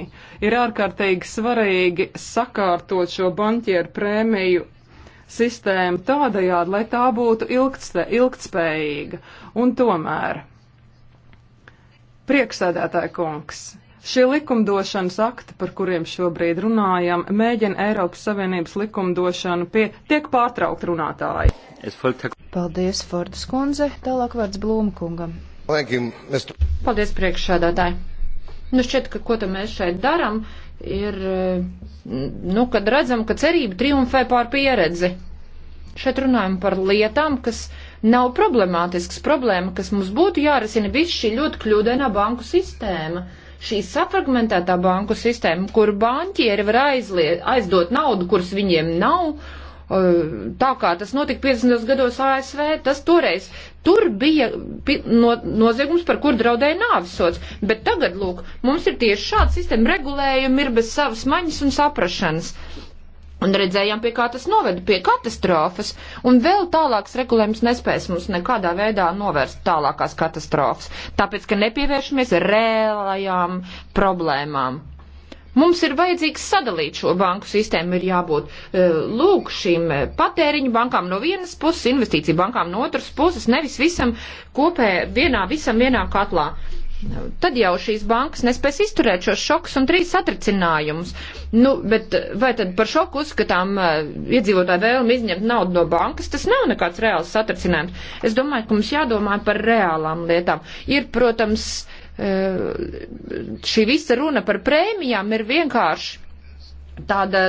Ir ārkārtīgi svarīgi sakārtot šo banķieru prēmiju sistēmu tādajādi, lai tā būtu ilgtspē, ilgtspējīga. Un tomēr, prieksēdētāji kungs, Šie likumdošanas akti, par kuriem šobrīd runājam, mēģina Eiropas Savienības likumdošanu pie tiek pārtraukt runātāji. Paldies, Fordas kundze. Tālāk vārds Blūma kungam. You, Paldies, priekšsādātāji. Nu, šķiet, ka ko tam mēs šeit darām, ir, eh, nu, kad redzam, ka cerība triumfē pār pieredzi. Šeit runājam par lietām, kas nav problemātisks problēma, kas mums būtu jārisina viss šī ļoti kļūdainā banku sistēma. Uh, šī safragmentētā banku sistēma, kur banķieri var aizliet, aizdot naudu, kuras viņiem nav, eh, tā kā tas notika 50. gados ASV, tas toreiz, tur bija no, noziegums, par kur draudēja nāvisots. Bet tagad, lūk, mums ir tieši šāda sistēma, regulējumi ir bez savas maņas un saprašanas. Un redzējām, pie kā tas noveda, pie katastrofas, un vēl tālāks regulējums nespēs mums nekādā veidā novērst tālākās katastrofas, tāpēc, ka nepievēršamies reālajām problēmām. Mums ir vajadzīgs sadalīt šo banku sistēmu, ir jābūt e, lūk šīm patēriņu bankām no vienas puses, investīciju bankām no otras puses, nevis visam kopē, vienā, visam vienā katlā tad jau šīs bankas nespēs izturēt šos šokus un trīs satricinājumus. Nu, bet vai tad par šoku uzskatām eh, iedzīvotāju vēlmi izņemt naudu no bankas, tas nav nekāds reāls satricinājums. Es domāju, ka mums jādomā par reālām lietām. Ir, protams, eh, šī visa runa par prēmijām ir vienkārši tāda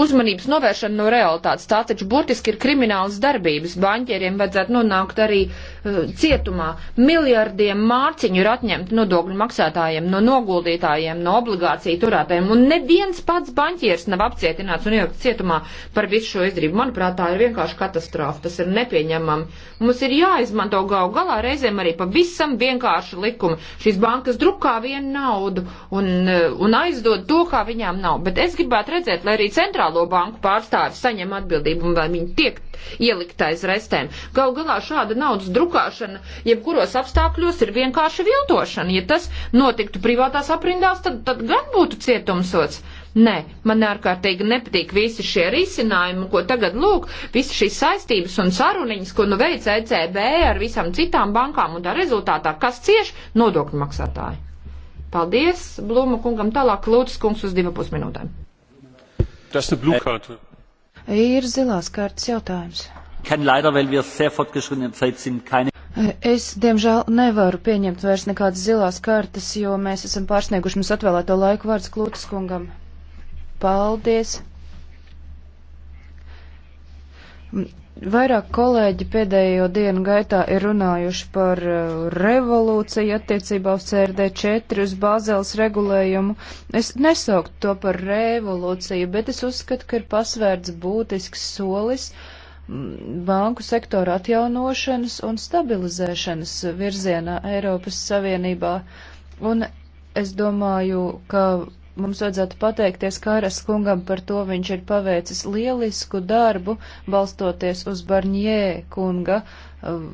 uzmanības novēršana no realitātes. Tā taču burtiski ir krimināls darbības. Baņķieriem vajadzētu nonākt arī uh, cietumā. Miljardiem mārciņu ir atņemti nodokļu maksātājiem, no noguldītājiem, no obligāciju turētājiem. Un neviens pats baņķieris nav apcietināts un ielikt cietumā par visu šo izdarību. Manuprāt, tā ir vienkārši katastrofa. Tas ir nepieņemami. Mums ir jāizmanto gau galā reizēm arī pavisam vienkārši likumi. Šīs bankas drukā vienu naudu un, eh, un aizdod to, kā viņām nav. Bet es gribētu gribētu redzēt, lai arī centrālo banku pārstāvi saņem atbildību un vai viņi tiek ielikt aiz restēm. Gal galā šāda naudas drukāšana, jebkuros apstākļos, ir vienkārši viltošana. Ja tas notiktu privātās aprindās, tad, tad gan būtu cietumsots. Nē, man ārkārtīgi nepatīk visi šie risinājumi, ko tagad lūk, visas šīs saistības un saruniņas, ko nu veic ECB ar visām citām bankām un tā rezultātā, kas cieš nodokļu maksātāji. Paldies, Blūma kungam, tālāk Lūtas kungs uz divu pusminūtēm. Tas ir blūkārta. Ir zilās kārtas jautājums. Leider, sind, keine... Es, diemžēl, nevaru pieņemt vairs nekādas zilās kartas, jo mēs esam pārsnieguši mums atvēlēto laiku vārds Klūtas kungam. Paldies! Vairāk kolēģi pēdējo dienu gaitā ir runājuši par uh, revolūciju attiecībā uz CRD4, uz bāzēles regulējumu. Es nesauktu to par revolūciju, bet es uzskatu, ka ir pasvērts būtisks solis mm, banku sektora atjaunošanas un stabilizēšanas virzienā Eiropas Savienībā. Un es domāju, ka mums vajadzētu pateikties Kāras kungam par to, viņš ir paveicis lielisku darbu, balstoties uz Barņē kunga uh,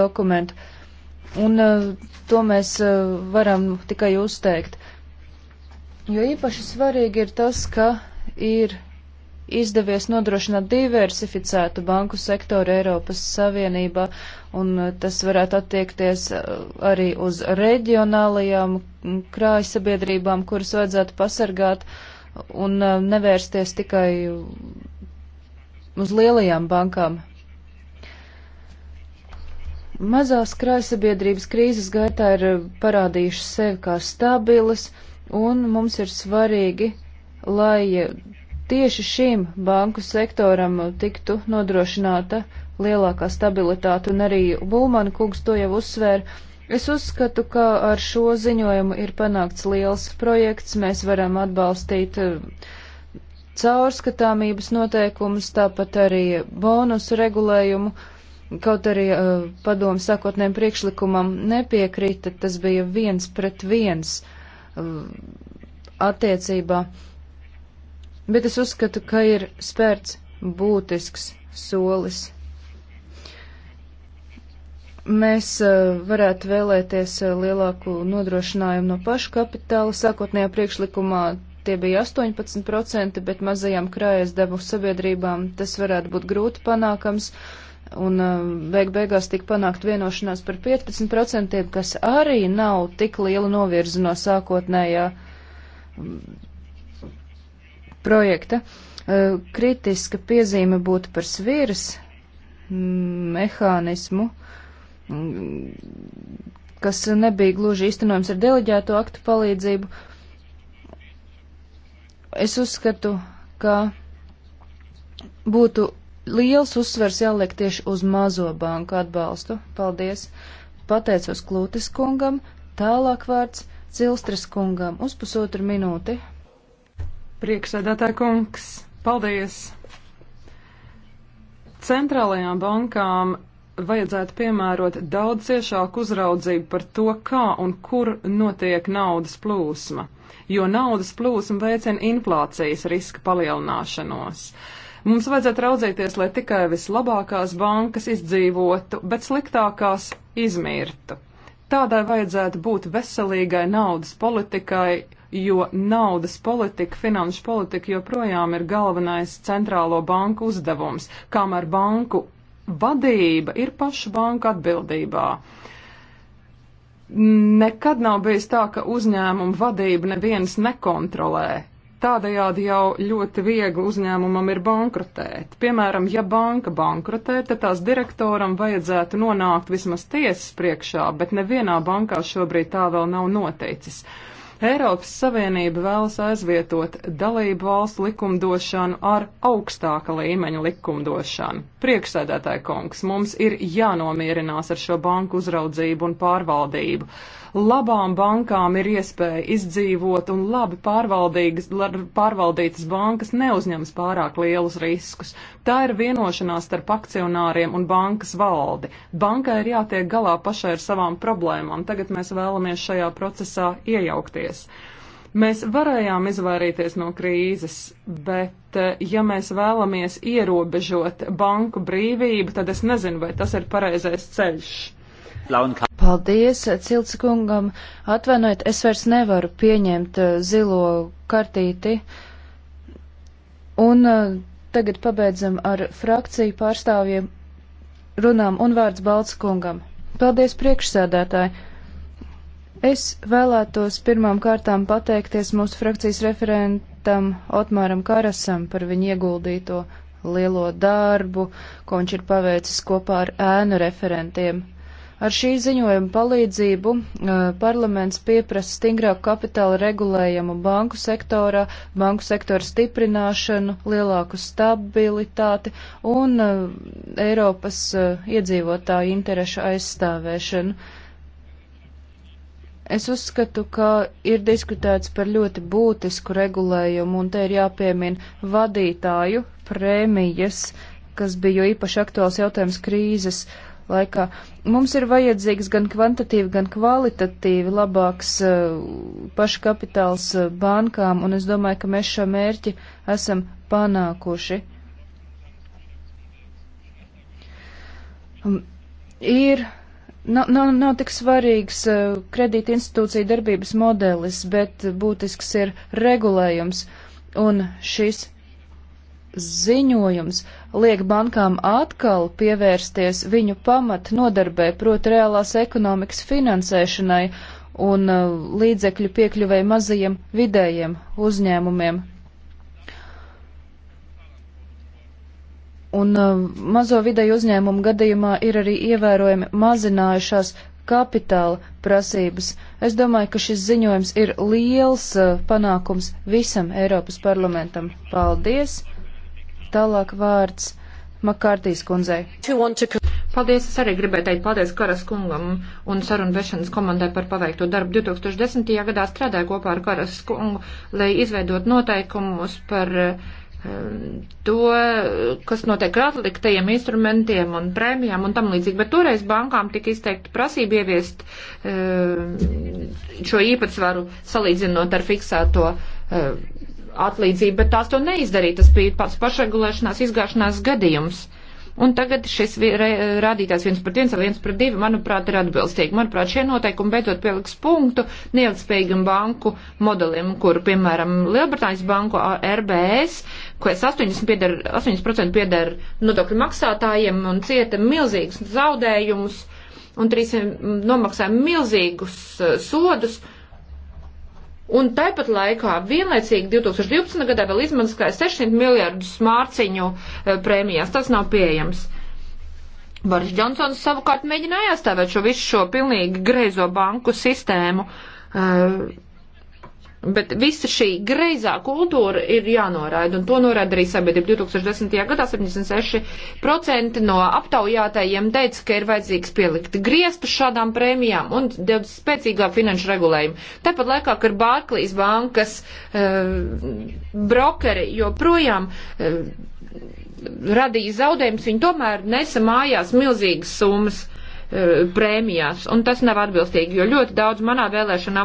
dokumentu. Un uh, to mēs uh, varam tikai uzteikt. Jo īpaši svarīgi ir tas, ka ir izdevies nodrošināt diversificētu banku sektoru Eiropas Savienībā, un uh, tas varētu attiekties uh, arī uz reģionālajām krājsabiedrībām, kuras vajadzētu pasargāt un uh, nevērsties tikai uz lielajām bankām. Mazās krājsabiedrības krīzes gaitā ir parādījušas sevi kā stabilas, un mums ir svarīgi, lai tieši šim banku sektoram tiktu nodrošināta lielākā stabilitāte, un arī Bulmana kungs to jau uzsvēra. Es uzskatu, ka ar šo ziņojumu ir panākts liels projekts, mēs varam atbalstīt eh, caurskatāmības noteikumus, tāpat arī bonusu regulējumu, kaut arī uh, padomu sakotnēm priekšlikumam nepiekrita, tas bija viens pret viens uh, attiecībā. Uh, bet es uzskatu, ka ir spērts būtisks solis. Mēs eh, varētu vēlēties eh, lielāku nodrošinājumu no pašu kapitāla. Sākotnējā priekšlikumā tie bija 18%, bet mazajām krājas devu sabiedrībām tas varētu būt grūti panākams. Un eh, beig beigās tika panākt vienošanās par 15%, kas arī nav tik liela novirzi no sākotnējā projekta. E, kritiska piezīme būtu par sviras mehānismu, kas nebija gluži īstenojams ar deleģēto aktu palīdzību. Es uzskatu, ka būtu liels uzsvers jāliek tieši uz mazo banku atbalstu. Paldies! Pateicos Klūtis kungam, tālāk vārds Cilstras kungam uz pusotru minūti. Priekšsēdētāja kungs, paldies! Centrālajām bankām vajadzētu piemērot daudz ciešāku uzraudzību par to, kā un kur notiek naudas plūsma, jo naudas plūsma veicina inflācijas riska palielināšanos. Mums vajadzētu raudzīties, lai tikai vislabākās bankas izdzīvotu, bet sliktākās izmirtu. Tādai vajadzētu būt veselīgai naudas politikai jo naudas politika, finanšu politika joprojām ir galvenais centrālo banku uzdevums, kamēr banku vadība ir pašu banku atbildībā. Nekad nav bijis tā, ka uzņēmumu vadība neviens nekontrolē. Tādējādi jau ļoti viegli uzņēmumam ir bankrotēt. Piemēram, ja banka bankrotē, tad tās direktoram vajadzētu nonākt vismaz tiesas priekšā, bet nevienā bankā šobrīd tā vēl nav noteicis. Uh, Eiropas Savienība vēlas aizvietot dalību valstu likumdošanu ar augstāka līmeņa likumdošanu. Priekšsēdētāji kungs, mums ir jānomierinās ar šo banku uzraudzību un pārvaldību labām bankām ir iespēja izdzīvot un labi pārvaldītas bankas neuzņemas pārāk lielus riskus. Tā ir vienošanās starp akcionāriem un bankas valdi. Bankai ir jātiek galā pašai ar savām problēmām. Tagad mēs vēlamies šajā procesā iejaukties. Mēs varējām izvairīties no krīzes, bet eh, ja mēs vēlamies ierobežot banku brīvību, tad es nezinu, vai tas ir pareizais ceļš. Paldies, Cilts kungam. Atvainojiet, es vairs nevaru pieņemt eh, zilo kartīti. Un eh, tagad pabeidzam ar frakciju pārstāvjiem runām un vārds Balts kungam. Paldies, priekšsēdētāji. Es vēlētos pirmām kārtām pateikties mūsu frakcijas referentam Otmāram Karasam par viņu ieguldīto lielo darbu, ko viņš ir paveicis kopā ar ēnu referentiem. Ar šī ziņojuma palīdzību eh, parlaments pieprasa stingrāku kapitāla regulējumu banku sektorā, banku sektora stiprināšanu, lielāku stabilitāti un eh, Eiropas eh, iedzīvotāju interešu aizstāvēšanu. Es uzskatu, ka ir diskutēts par ļoti būtisku regulējumu, un te ir jāpiemina vadītāju prēmijas, kas bija jo īpaši aktuāls jautājums krīzes uh, laikā. Mums ir vajadzīgs gan kvantitīvi, gan kvalitatīvi labāks uh, eh, paša kapitāls uh, eh, bankām, un es domāju, ka mēs šo mērķi esam panākuši. Um, ir, nav, nav, nav tik svarīgs uh, eh, kredīta institūcija darbības modelis, bet būtisks ir regulējums, un šis ziņojums liek bankām atkal pievērsties viņu pamat nodarbē, proti reālās ekonomikas finansēšanai un uh, līdzekļu piekļuvai mazajiem vidējiem uzņēmumiem. Un uh, mazo vidēju uzņēmumu gadījumā ir arī ievērojami mazinājušās kapitāla prasības. Es domāju, ka šis ziņojums ir liels uh, panākums visam Eiropas parlamentam. Paldies! Tālāk vārds Makārtīs kundzei. Paldies, es arī gribēju teikt paldies Karas kungam un sarunu vešanas komandai par paveikto darbu. 2010. gadā strādāju kopā ar Karas kungu, lai izveidot noteikumus par um, to, kas notiek ar atliktajiem instrumentiem un prēmijām un tam līdzīgi, bet toreiz bankām tika izteikta prasība ieviest um, šo īpatsvaru salīdzinot ar fiksēto um, atlīdzību, bet tās to neizdarīja. Tas bija pats pašregulēšanās izgāšanās gadījums. Un tagad šis rādītājs viens pret viens vai viens pret divi, manuprāt, ir atbilstīgi. Manuprāt, šie noteikumi beidzot pieliks punktu neilgspējīgam banku modelim, kur, piemēram, Lielbritānijas banku RBS, kas 80% pieder, 80 pieder nodokļu maksātājiem un cieta milzīgus zaudējumus un 300 nomaksāja milzīgus sodus. Uh, Un tāpat laikā vienlaicīgi 2012. gadā vēl izmaksāja 600 miljardus mārciņu eh, prēmijās. Tas nav pieejams. Boris Džonsons savukārt mēģināja aizstāvēt šo visu šo pilnīgi greizo banku sistēmu. Uh, Bet visa šī greizā kultūra ir jānoraida, un to noraida arī sabiedrība. 2010. gadā 76% no aptaujātajiem teica, ka ir vajadzīgs pielikt griestu šādām prēmijām un daudz spēcīgā finanšu regulējumu. Tāpat laikā, kad Bārklīs bankas e, brokeri joprojām e, radīja zaudējumus, viņi tomēr nesa mājās milzīgas summas Eh, prēmijās, un tas nav atbilstīgi, jo ļoti daudz manā vēlēšana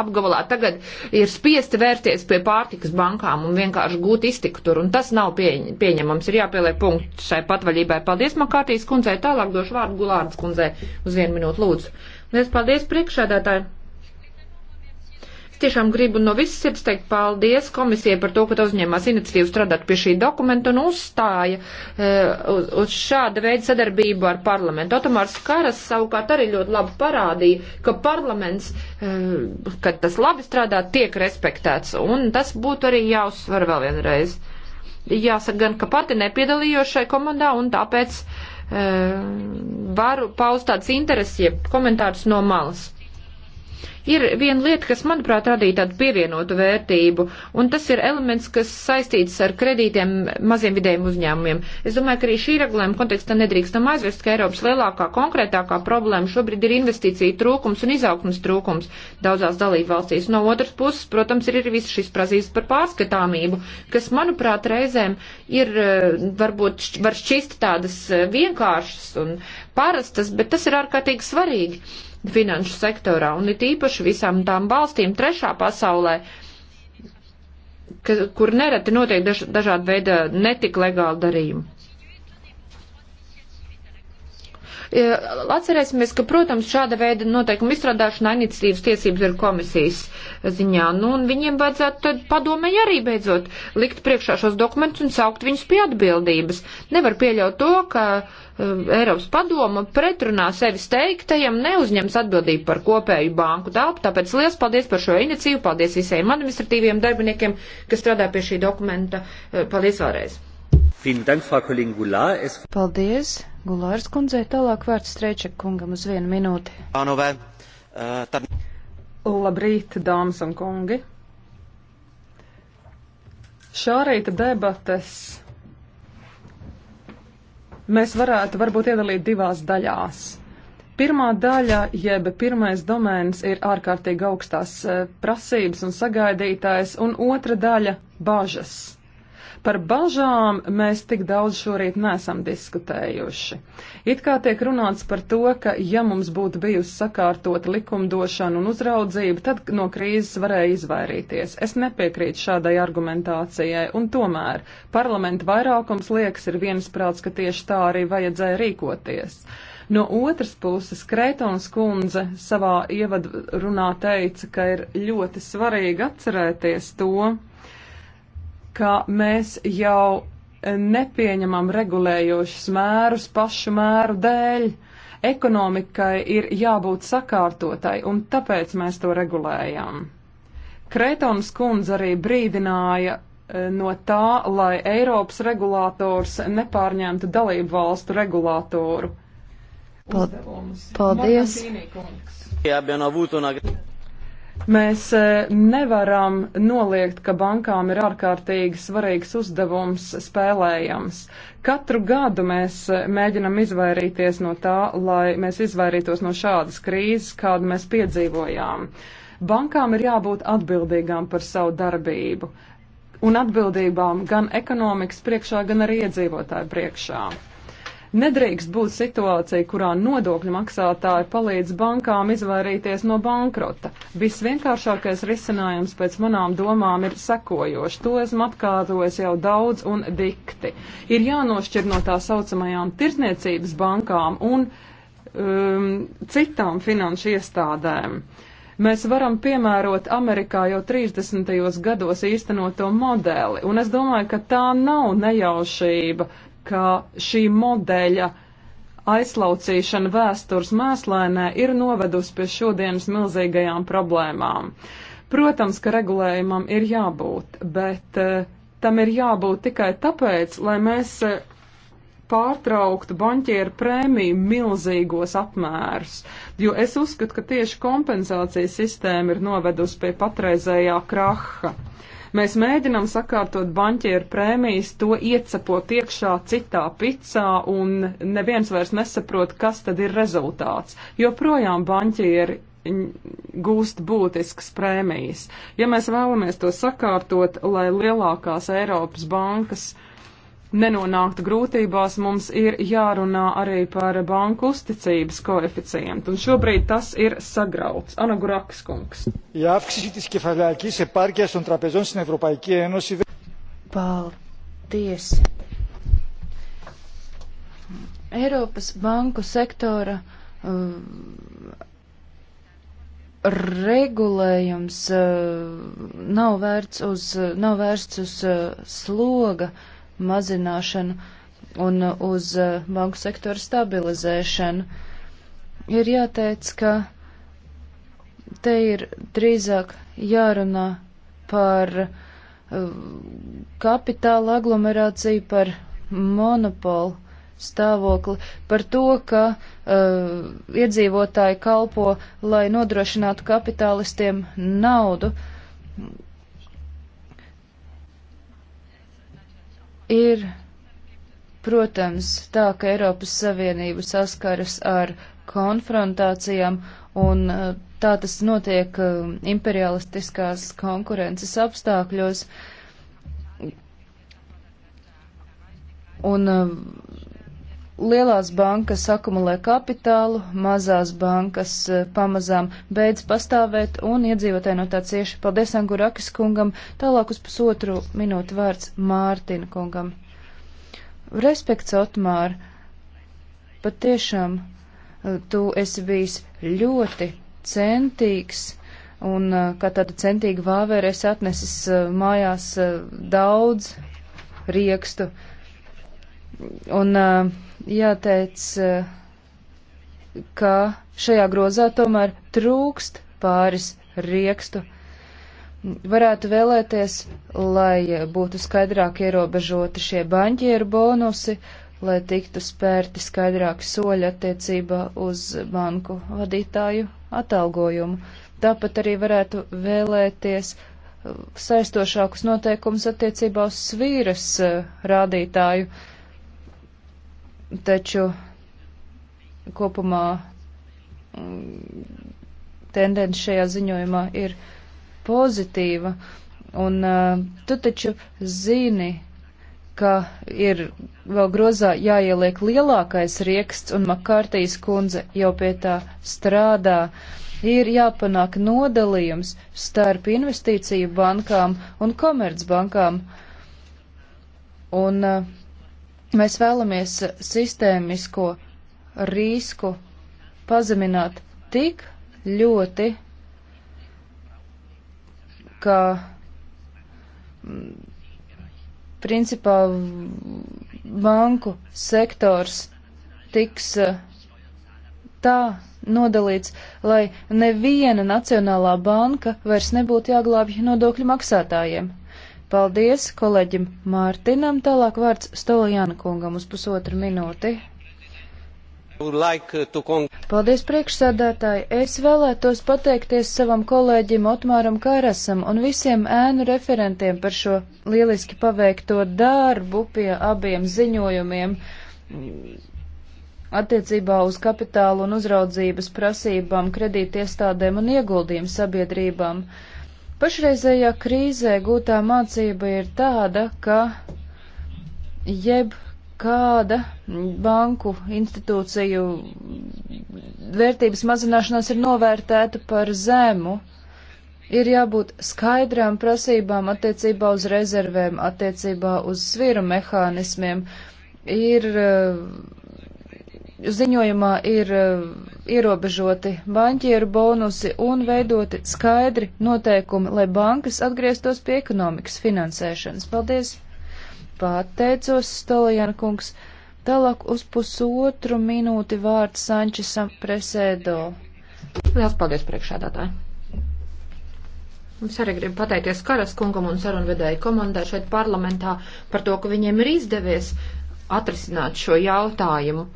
apgabalā tagad ir spiesti vērsties pie pārtikas bankām un vienkārši gūt iztiku tur, un tas nav pieņ pieņemams. Ir jāpieliek punkts šai patvaļībai. Paldies, Makārtīs kundzei, tālāk došu vārdu Gulārdas kundzei uz vienu minūtu lūdzu. Lies paldies priekšādātāji! tiešām gribu no visas sirds teikt paldies komisijai par to, ka tā uzņēmās iniciatīvu strādāt pie šī dokumenta un uzstāja uh, uz, uz šāda veida sadarbību ar parlamentu. Otomārs Karas savukārt arī ļoti labi parādīja, ka parlaments, uh, kad tas labi strādā, tiek respektēts. Un tas būtu arī jāuzsver vēl vienreiz. Jāsaka gan, ka pati nepiedalījos šai komandā un tāpēc uh, varu paust tāds interesi, jeb komentārus no malas. Ir viena lieta, kas, manuprāt, radīja tādu pievienotu vērtību, un tas ir elements, kas saistīts ar kredītiem maziem vidējiem uzņēmumiem. Es domāju, ka arī šī regulējuma kontekstā nedrīkstam aizvest, ka Eiropas lielākā konkrētākā problēma šobrīd ir investīcija trūkums un izaugsmas trūkums daudzās dalību valstīs. No otras puses, protams, ir arī viss šis prasības par pārskatāmību, kas, manuprāt, reizēm ir eh, varbūt var šķist tādas eh, vienkāršas un parastas, bet tas ir ārkārtīgi svarīgi finanšu sektorā, un it īpaši visām tām valstīm trešā pasaulē, ka, kur nereti notiek daž, dažādi veidi netik legāli darījumi. E, atcerēsimies, ka, protams, šāda veida noteikuma izstrādāšana iniciatīvas tiesības ir komisijas ziņā. Nu, un viņiem vajadzētu tad padomēji arī beidzot likt priekšā šos dokumentus un saukt viņus pie atbildības. Nevar pieļaut to, ka e, Eiropas padoma pretrunā sevis teiktajam neuzņems atbildību par kopēju banku tāpu, tāpēc liels paldies par šo iniciju, paldies visiem administratīviem darbiniekiem, kas strādā pie šī dokumenta. E, paldies vēlreiz! Paldies! Gulārs kundzei tālāk vārds Streičak kungam uz vienu minūti. Pānovē, uh, eh, tad... Labrīt, dāmas un kungi! Šā rīta debates mēs varētu varbūt iedalīt divās daļās. Pirmā daļa, jeb pirmais domēns, ir ārkārtīgi augstās eh, prasības un sagaidītājs, un otra daļa - bažas. Par bažām mēs tik daudz šorīt nesam diskutējuši. It kā tiek runāts par to, ka ja mums būtu bijusi sakārtota likumdošana un uzraudzība, tad no krīzes varēja izvairīties. Es nepiekrītu šādai argumentācijai, un tomēr parlamenta vairākums liekas ir viensprāts, ka tieši tā arī vajadzēja rīkoties. No otras puses, Kreitons kundze savā ievadrunā teica, ka ir ļoti svarīgi atcerēties to, ka mēs jau nepieņemam regulējošus mērus pašu mēru dēļ. Ekonomikai ir jābūt sakārtotai, un tāpēc mēs to regulējam. Kreitons kundze arī brīdināja e, no tā, lai Eiropas regulators nepārņemtu dalību valstu regulātoru. Paldies! Paldies. Mēs e, nevaram noliegt, ka bankām ir ārkārtīgi svarīgs uzdevums spēlējams. Katru gadu mēs e, mēģinam izvairīties no tā, lai mēs izvairītos no šādas krīzes, kādu mēs piedzīvojām. Bankām ir jābūt atbildīgām par savu darbību un atbildībām gan ekonomikas priekšā, gan arī iedzīvotāju priekšā. Nedrīkst būt situācija, kurā nodokļu maksātāji palīdz bankām izvairīties no bankrota. Visvienkāršākais risinājums pēc manām domām ir sekojošs. To esmu atkārtojis jau daudz un dikti. Ir jānošķir no tā saucamajām tirsniecības bankām un um, citām finanšu iestādēm. Mēs varam piemērot Amerikā jau 30. gados īstenoto modeli, un es domāju, ka tā nav nejaušība ka šī modeļa aizlaucīšana vēstures mēslēnē ir novedusi pie šodienas milzīgajām problēmām. Protams, ka regulējumam ir jābūt, bet eh, tam ir jābūt tikai tāpēc, lai mēs eh, pārtrauktu banķieru prēmiju milzīgos apmērus, jo es uzskatu, ka tieši kompensācijas sistēma ir novedusi pie patreizējā kraha. Mēs mēģinām sakārtot banķieru prēmijas, to iecepot iekšā citā picā, un neviens vairs nesaprot, kas tad ir rezultāts. Joprojām banķieri gūst būtiskas prēmijas. Ja mēs vēlamies to sakārtot, lai lielākās Eiropas bankas nenonāktu grūtībās, mums ir jārunā arī par banku uzticības koeficientu, un šobrīd tas ir sagrauts. Anagurakas kungs. Paldies! Eiropas banku sektora uh, regulējums uh, nav vērts uz, nav vērsts uz uh, sloga uh, mazināšanu un uz uh, banku sektora stabilizēšanu. Ir jāteic, ka te ir drīzāk jārunā par uh, kapitāla aglomerāciju, par monopolu stāvokli, par to, ka uh, iedzīvotāji kalpo, lai nodrošinātu kapitālistiem naudu. Ir, protams, tā, ka Eiropas Savienība saskaras ar konfrontācijām un uh, tā tas notiek um, imperialistiskās konkurences apstākļos. Un um, Lielās bankas akumulē kapitālu, mazās bankas eh, pamazām beidz pastāvēt un iedzīvotāji no tā cieši. Paldies Angurakis kungam, tālāk uz pusotru minūtu vārds Mārtina kungam. Respekts, Otmār, patiešām eh, tu esi bijis ļoti centīgs un eh, kā tāda centīga vāvēra esi atnesis mājās daudz riekstu. Uh, Un jāteic, ka šajā grozā tomēr trūkst pāris riekstu. Varētu vēlēties, lai būtu skaidrāk ierobežoti šie banķieru bonusi, lai tiktu spērti skaidrāki soļi attiecībā uz banku vadītāju atalgojumu. Tāpat arī varētu vēlēties saistošākus noteikumus attiecībā uz svīras rādītāju. Uh, taču kopumā mm, tendence šajā ziņojumā ir pozitīva. Un uh, tu taču zini, ka ir vēl grozā jāieliek lielākais rieksts, un Makārtīs kundze jau pie tā strādā. Ir jāpanāk nodalījums starp investīciju bankām un komercbankām. Un uh, Mēs vēlamies sistēmisko risku pazemināt tik ļoti, ka mm, principā banku sektors tiks eh, tā nodalīts, lai neviena nacionālā banka vairs nebūtu jāglābj nodokļu maksātājiem. Paldies kolēģim Mārtinam. Tālāk vārds Stolajāna kungam uz pusotru minūti. Paldies priekšsādātāji. Es vēlētos pateikties savam kolēģim Otmāram Karasam un visiem ēnu referentiem par šo lieliski paveikto darbu pie abiem ziņojumiem attiecībā uz kapitālu un uzraudzības prasībām kredītiestādēm un ieguldījumu sabiedrībām. Uh, Pašreizējā krīzē gūtā mācība ir tāda, ka jeb kāda banku institūciju vērtības mazināšanās ir novērtēta par zemu. Ir jābūt skaidrām prasībām attiecībā uz rezervēm, attiecībā uz svīru mehānismiem. Ir uh, ziņojumā ir e, ierobežoti banķieru bonusi un veidoti skaidri noteikumi, lai bankas atgrieztos pie ekonomikas finansēšanas. Paldies! Pateicos, Stolajana kungs. Tālāk uz pusotru minūti vārds Sančesam Presēdo. Liels paldies priekšādātāji! Es arī gribu pateikties Karas kungam un sarunvedēju komandai šeit parlamentā par to, ka viņiem ir izdevies atrisināt šo jautājumu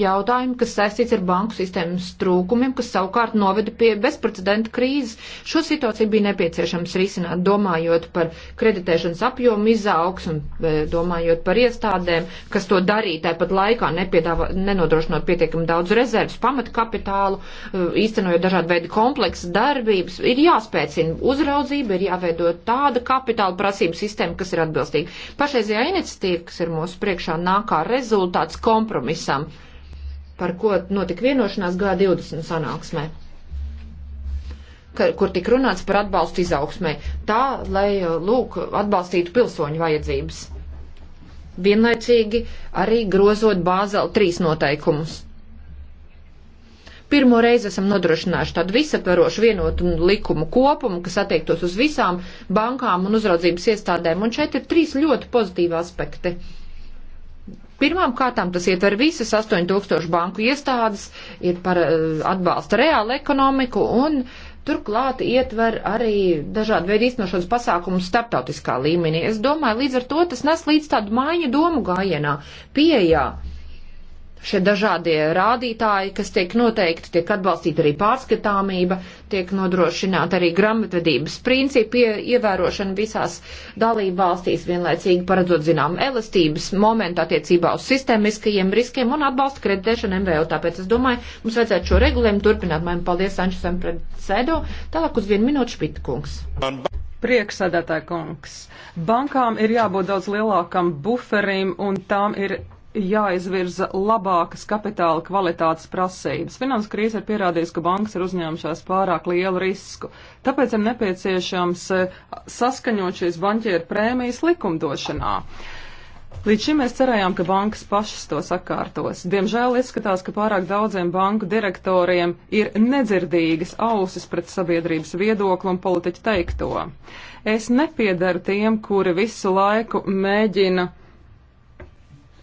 jautājumu, kas saistīts ar banku sistēmas trūkumiem, kas savukārt noveda pie bezprecedenta krīzes. Šo situāciju bija nepieciešams risināt, domājot par kreditēšanas apjomu izaugsmu, e, domājot par iestādēm, kas to darīja, tāpat laikā nenodrošinot pietiekami daudz rezerves, pamatkapitālu, e, īstenojot dažādu veidu kompleksu darbības. Ir jāspēcina uzraudzība, ir jāveido tāda kapitāla prasība sistēma, kas ir atbilstīga. Pašreizajā iniciatīva, kas ir mūsu priekšā, nāk kā rezultāts kompromisam par ko notika vienošanās G20 sanāksmē, ka, kur tika runāts par atbalstu izaugsmē, tā, lai, lūk, atbalstītu pilsoņu vajadzības. Vienlaicīgi arī grozot Bāzeli trīs noteikumus pirmo reizi esam nodrošinājuši tādu visaptvarošu vienotu likumu kopumu, kas attiektos uz visām bankām un uzraudzības iestādēm. Un šeit ir trīs ļoti pozitīvi aspekti. Pirmām kārtām tas ietver visas 8000 banku iestādes, ir par eh, atbalsta reālu ekonomiku un Turklāt ietver arī dažādu veidu īstenošanas pasākumus starptautiskā līmenī. Es domāju, līdz ar to tas nes līdz tādu māju domu gājienā, pieejā. Uh, šie dažādie rādītāji, kas tiek noteikti, tiek atbalstīta arī pārskatāmība, tiek nodrošināta arī grāmatvedības principi ievērošana visās dalību valstīs, vienlaicīgi paredzot zinām elastības momentu attiecībā uz sistemiskajiem riskiem un atbalsta kreditēšanu MVO. Tāpēc es domāju, mums vajadzētu šo regulējumu turpināt. Man paldies Sančesam pret sēdo. Tālāk uz vienu minūtu Špitkungs. Prieksēdētāja kungs. Bankām ir jābūt daudz lielākam buferim un tām ir jāizvirza labākas kapitāla kvalitātes prasības. Finanses krīze ir pierādījusi, ka bankas ir uzņēmušās pārāk lielu risku. Tāpēc ir nepieciešams eh, saskaņot šīs banķieru prēmijas likumdošanā. Līdz šim mēs cerējām, ka bankas pašas to sakārtos. Diemžēl izskatās, ka pārāk daudziem banku direktoriem ir nedzirdīgas ausis pret sabiedrības viedokli un politiķu teikto. Es nepiedaru tiem, kuri visu laiku mēģina uh,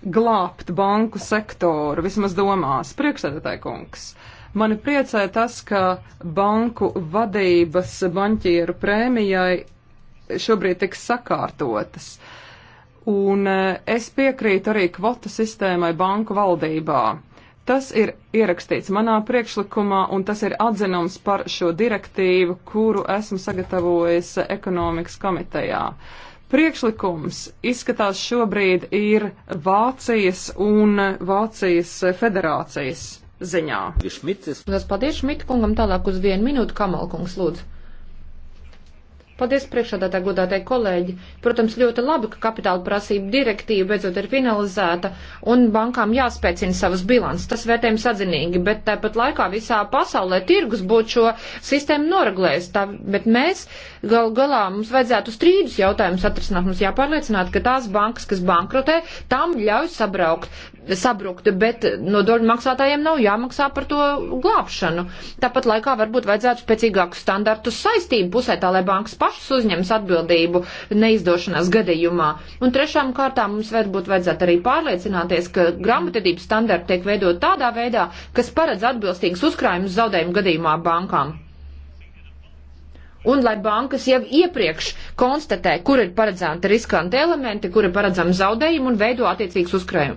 glābt banku sektoru, vismaz domās, priekšsēdētāji kungs. Mani priecē tas, ka banku vadības banķieru prēmijai šobrīd tiks sakārtotas. Un e, es piekrītu arī kvota sistēmai banku valdībā. Tas ir ierakstīts manā priekšlikumā, un tas ir atzinums par šo direktīvu, kuru esmu sagatavojis ekonomikas komitejā. Priekšlikums izskatās šobrīd ir Vācijas un Vācijas federācijas ziņā. Paldies, Šmit kungam, tālāk uz vienu minūtu, Kamalkungs, lūdzu. Paldies priekšādātā godātai kolēģi. Protams, ļoti labi, ka kapitāla prasība direktīva beidzot ir finalizēta un bankām jāspēcina savas bilants. Tas vērtējums atzinīgi, bet tāpat laikā visā pasaulē tirgus būtu šo sistēmu noraglējis. Tā, bet mēs gal galā mums vajadzētu strīdus jautājumus atrasināt. Mums jāpārliecināt, ka tās bankas, kas bankrotē, tam ļauj sabraukt sabruktu, bet nodokļu maksātājiem nav jāmaksā par to glābšanu. Tāpat laikā varbūt vajadzētu spēcīgākus standartus saistību pusē, tā lai bankas pašas uzņems atbildību neizdošanās gadījumā. Un trešām kārtām mums varbūt vajadzētu arī pārliecināties, ka grāmatvedības standarti tiek veidot tādā veidā, kas paredz atbilstīgas uzkrājumus zaudējumu gadījumā bankām un lai bankas jau iepriekš konstatē, kur ir paredzēta riskanta elementi, kur ir paredzama zaudējuma un veido attiecīgs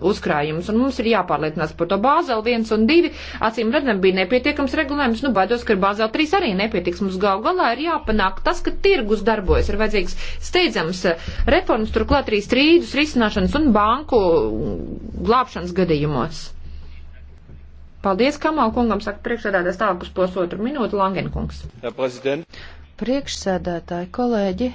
uzkrājums. Un mums ir jāpārliecinās par to Bāzeli 1 un 2. Acīm redzam, bija nepietiekams regulējums. Nu, baidos, ka Bāzeli 3 arī nepietiks. Mums gal galā ir jāpanāk tas, ka tirgus darbojas, ir vajadzīgs steidzams eh, reformas, turklāt arī strīdus risināšanas un banku glābšanas gadījumos. Paldies, Kamal kungam, saka priekšsēdētājs tālāk uz pusotru minūtu, Langenkungs. Ja, priekšsēdētāji, kolēģi.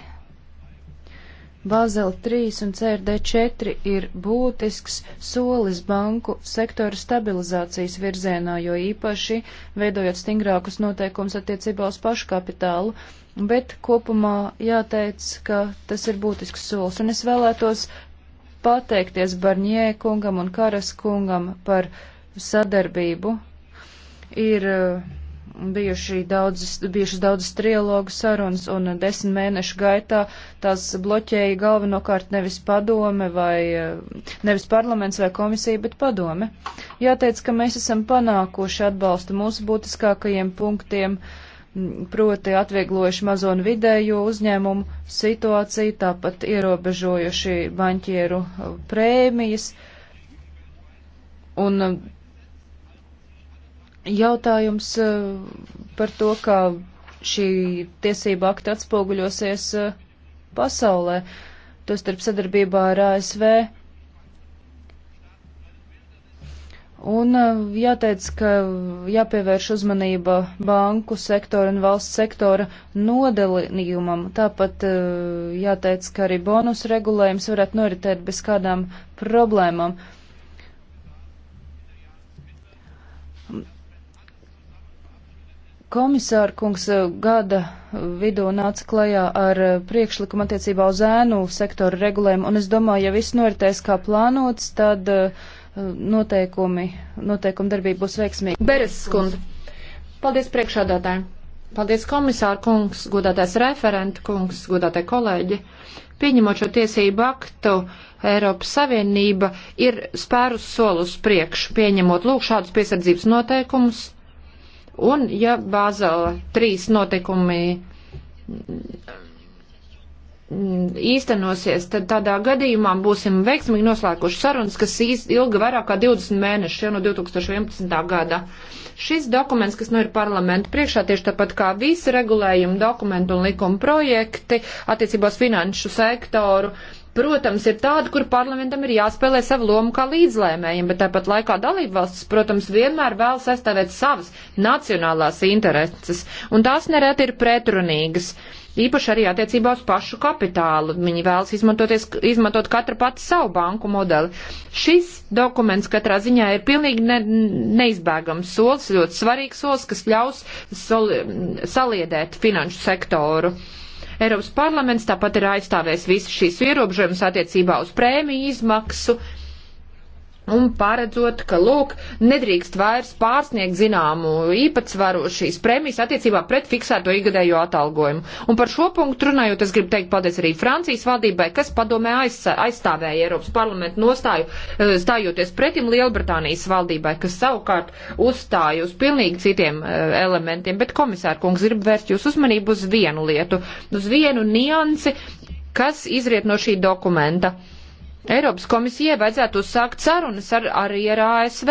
Bāzela 3 un CRD 4 ir būtisks solis banku sektora stabilizācijas virzienā, jo īpaši veidojot stingrākus noteikumus attiecībā uz paškapitālu, bet kopumā jāteic, ka tas ir būtisks solis. Un es vēlētos pateikties Barņē kungam un Karas kungam par sadarbību. Ir uh, bijuši daudzas, bijušas daudzas trilogu sarunas, un desmit mēnešu gaitā tās bloķēja galvenokārt nevis padome vai eh, nevis parlaments vai komisija, bet padome. Jāteic, ka mēs esam panākuši atbalstu mūsu būtiskākajiem punktiem, proti atvieglojuši mazo un vidējo uzņēmumu situāciju, tāpat ierobežojuši baņķieru eh, prēmijas. Un jautājums eh, par to, kā šī tiesība akta atspoguļosies eh, pasaulē, tostarp sadarbībā ar ASV. Un eh, jāteic, ka jāpievērš uzmanība banku sektora un valsts sektora nodalījumam. Tāpat jāteic, ka arī bonus regulējums varētu noritēt bez kādām problēmām. Komisāra kungs eh, gada vidū nāca klajā ar eh, priekšlikumu attiecībā uz ēnu sektoru regulējumu, un es domāju, ja viss noritēs kā plānots, tad eh, noteikumi, noteikumi darbība būs veiksmīga. Beres skundze. Paldies priekšādātājiem. Paldies komisāra kungs, godātais referenta kungs, godātai kolēģi. Pieņemot šo tiesību aktu, Eiropas Savienība ir spērus solus priekšu, pieņemot lūk šādus piesardzības noteikumus Un ja Bāzela 3 notikumi īstenosies, tad tādā gadījumā būsim veiksmīgi noslēguši sarunas, kas ilga vairāk kā 20 mēnešus jau no 2011. gada. Šis dokuments, kas nu ir parlamenta priekšā, tieši tāpat kā visi regulējumi, dokumenti un likuma projekti attiecībās finanšu sektoru, protams, ir tāda, kur parlamentam ir jāspēlē sava loma kā līdzlēmējiem, bet tāpat laikā dalībvalstis, protams, vienmēr vēlas aizstāvēt savas nacionālās intereses, un tās nereti ir pretrunīgas. Īpaši arī attiecībā uz pašu kapitālu. Viņi vēlas izmantot katru pati savu banku modeli. Šis dokuments katrā ziņā ir pilnīgi ne, neizbēgams solis, ļoti svarīgs solis, kas ļaus soli, saliedēt finanšu sektoru. Uh, Eiropas parlaments tāpat ir aizstāvējis visus šīs ierobežojumus attiecībā uz prēmiju izmaksu, un paredzot, ka, lūk, nedrīkst vairs pārsniegt zināmu īpatsvaru šīs prēmijas attiecībā pret fiksēto ikgadējo atalgojumu. Un par šo punktu runājot, es gribu teikt paldies arī Francijas valdībai, kas padomē aiz, aizstāvēja Eiropas parlamentu nostāju, eh, stājoties pretim Lielbritānijas valdībai, kas savukārt uzstāja uz pilnīgi citiem eh, elementiem. Bet, komisār, kungs, gribu vērst jūs uzmanību uz vienu lietu, uz vienu niansi, kas izriet no šī dokumenta. Eiropas komisijai vajadzētu uzsākt sarunas ar, arī ar ASV,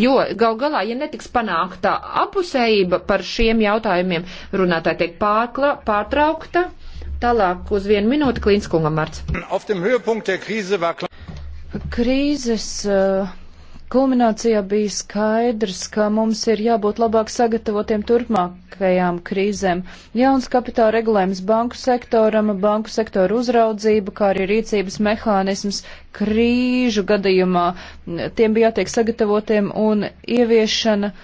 jo gal galā, ja netiks panākta apusējība par šiem jautājumiem, runātāji tiek pārkla, pārtraukta. Tālāk uz vienu minūti Klīnskungam Marts. Krīzes uh, Kulminācijā bija skaidrs, ka mums ir jābūt labāk sagatavotiem turpmākajām krīzēm. Jauns kapitāla regulējums banku sektoram, banku sektora uzraudzība, kā arī rīcības mehānisms krīžu gadījumā, tiem bija jātiek sagatavotiem un ieviešana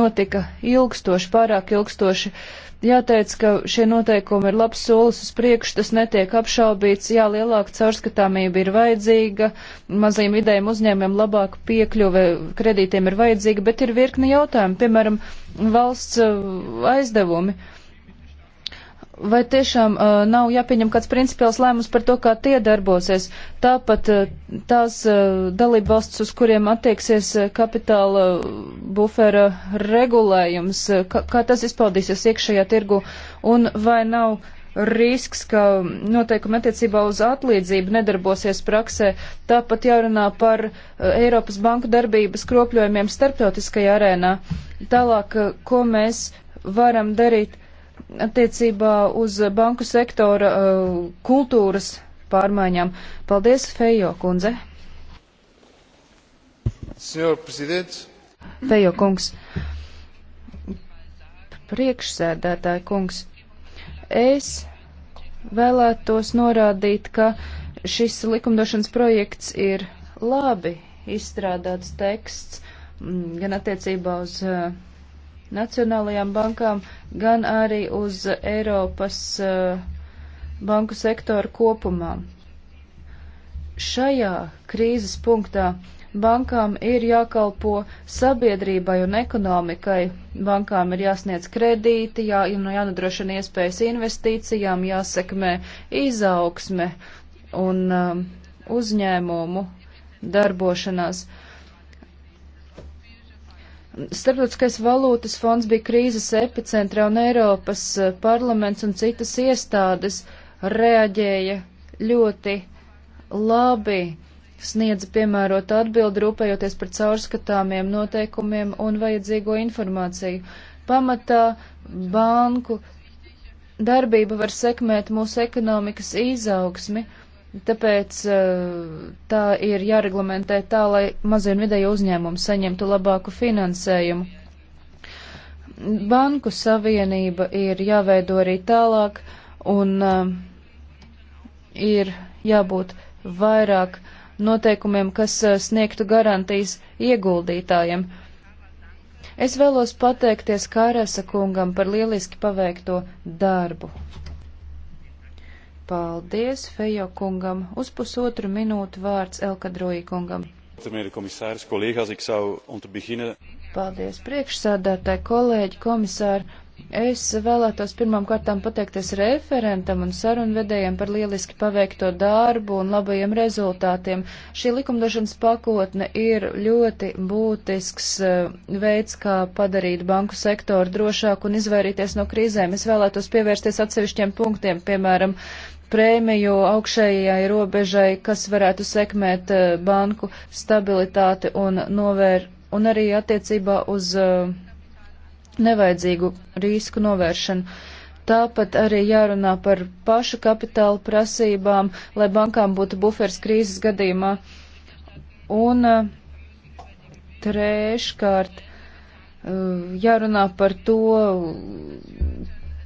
notika ilgstoši, pārāk ilgstoši. Uh, Jāteic, ka šie noteikumi ir labs solis uz priekšu, tas netiek apšaubīts, jā, lielāka caurskatāmība ir vajadzīga, mazajiem idejiem uzņēmiem labāka piekļuve kredītiem ir vajadzīga, bet ir virkni jautājumi, piemēram, valsts uh, aizdevumi. Uh, Vai tiešām uh, nav jāpieņem kāds principiāls lēmums par to, kā tie darbosies? Tāpat uh, tās uh, dalība valsts, uz kuriem attieksies uh, kapitāla uh, bufera regulējums, uh, kā, kā tas izpaudīsies iekšējā tirgu, un vai nav risks, ka noteikumi attiecībā uz atlīdzību nedarbosies praksē. Tāpat jārunā par uh, Eiropas banku darbības kropļojumiem starptautiskajā arēnā. Tālāk, uh, ko mēs varam darīt? attiecībā uz banku sektora uh, kultūras pārmaiņām. Paldies, Fejo kundze. Senjor prezidents. Fejo kungs. Priekšsēdētāji kungs. Es vēlētos norādīt, ka šis likumdošanas projekts ir labi izstrādāts teksts mm, gan attiecībā uz uh, nacionālajām bankām, gan arī uz Eiropas eh, banku sektoru kopumā. Šajā krīzes punktā bankām ir jākalpo sabiedrībai un ekonomikai. Bankām ir jāsniedz kredīti, jā, jānodrošina iespējas investīcijām, jāsekmē izaugsme un um, uzņēmumu darbošanās. Uh, Starptautiskais valūtas fonds bija krīzes epicentrā un Eiropas eh, parlaments un citas iestādes reaģēja ļoti labi, sniedza piemērot atbildi, rūpējoties par caurskatāmiem noteikumiem un vajadzīgo informāciju. Pamatā banku darbība var sekmēt mūsu ekonomikas izaugsmi Tāpēc eh, tā ir jāreglamentē tā, lai mazie un vidēji uzņēmumi saņemtu labāku finansējumu. Banku savienība ir jāveido arī tālāk un eh, ir jābūt vairāk noteikumiem, kas eh, sniegtu garantijas ieguldītājiem. Es vēlos pateikties Kārasa kungam par lieliski paveikto darbu. Paldies Fejo kungam. Uz pusotru minūtu vārds Elkadroji kungam. Paldies priekšsādātāji, kolēģi, komisāri. Es vēlētos pirmām kārtām pateikties referentam un sarunvedējiem par lieliski paveikto darbu un labajiem rezultātiem. Šī likumdošanas pakotne ir ļoti būtisks eh, veids, kā padarīt banku sektoru drošāku un izvairīties no krīzēm. Es vēlētos pievērsties atsevišķiem punktiem, piemēram, prēmiju augšējai robežai, kas varētu sekmēt eh, banku stabilitāti un novēr, un arī attiecībā uz eh, nevajadzīgu risku novēršanu. Tāpat arī jārunā par pašu kapitāla prasībām, lai bankām būtu bufers krīzes gadījumā. Un eh, treškārt jārunā par to,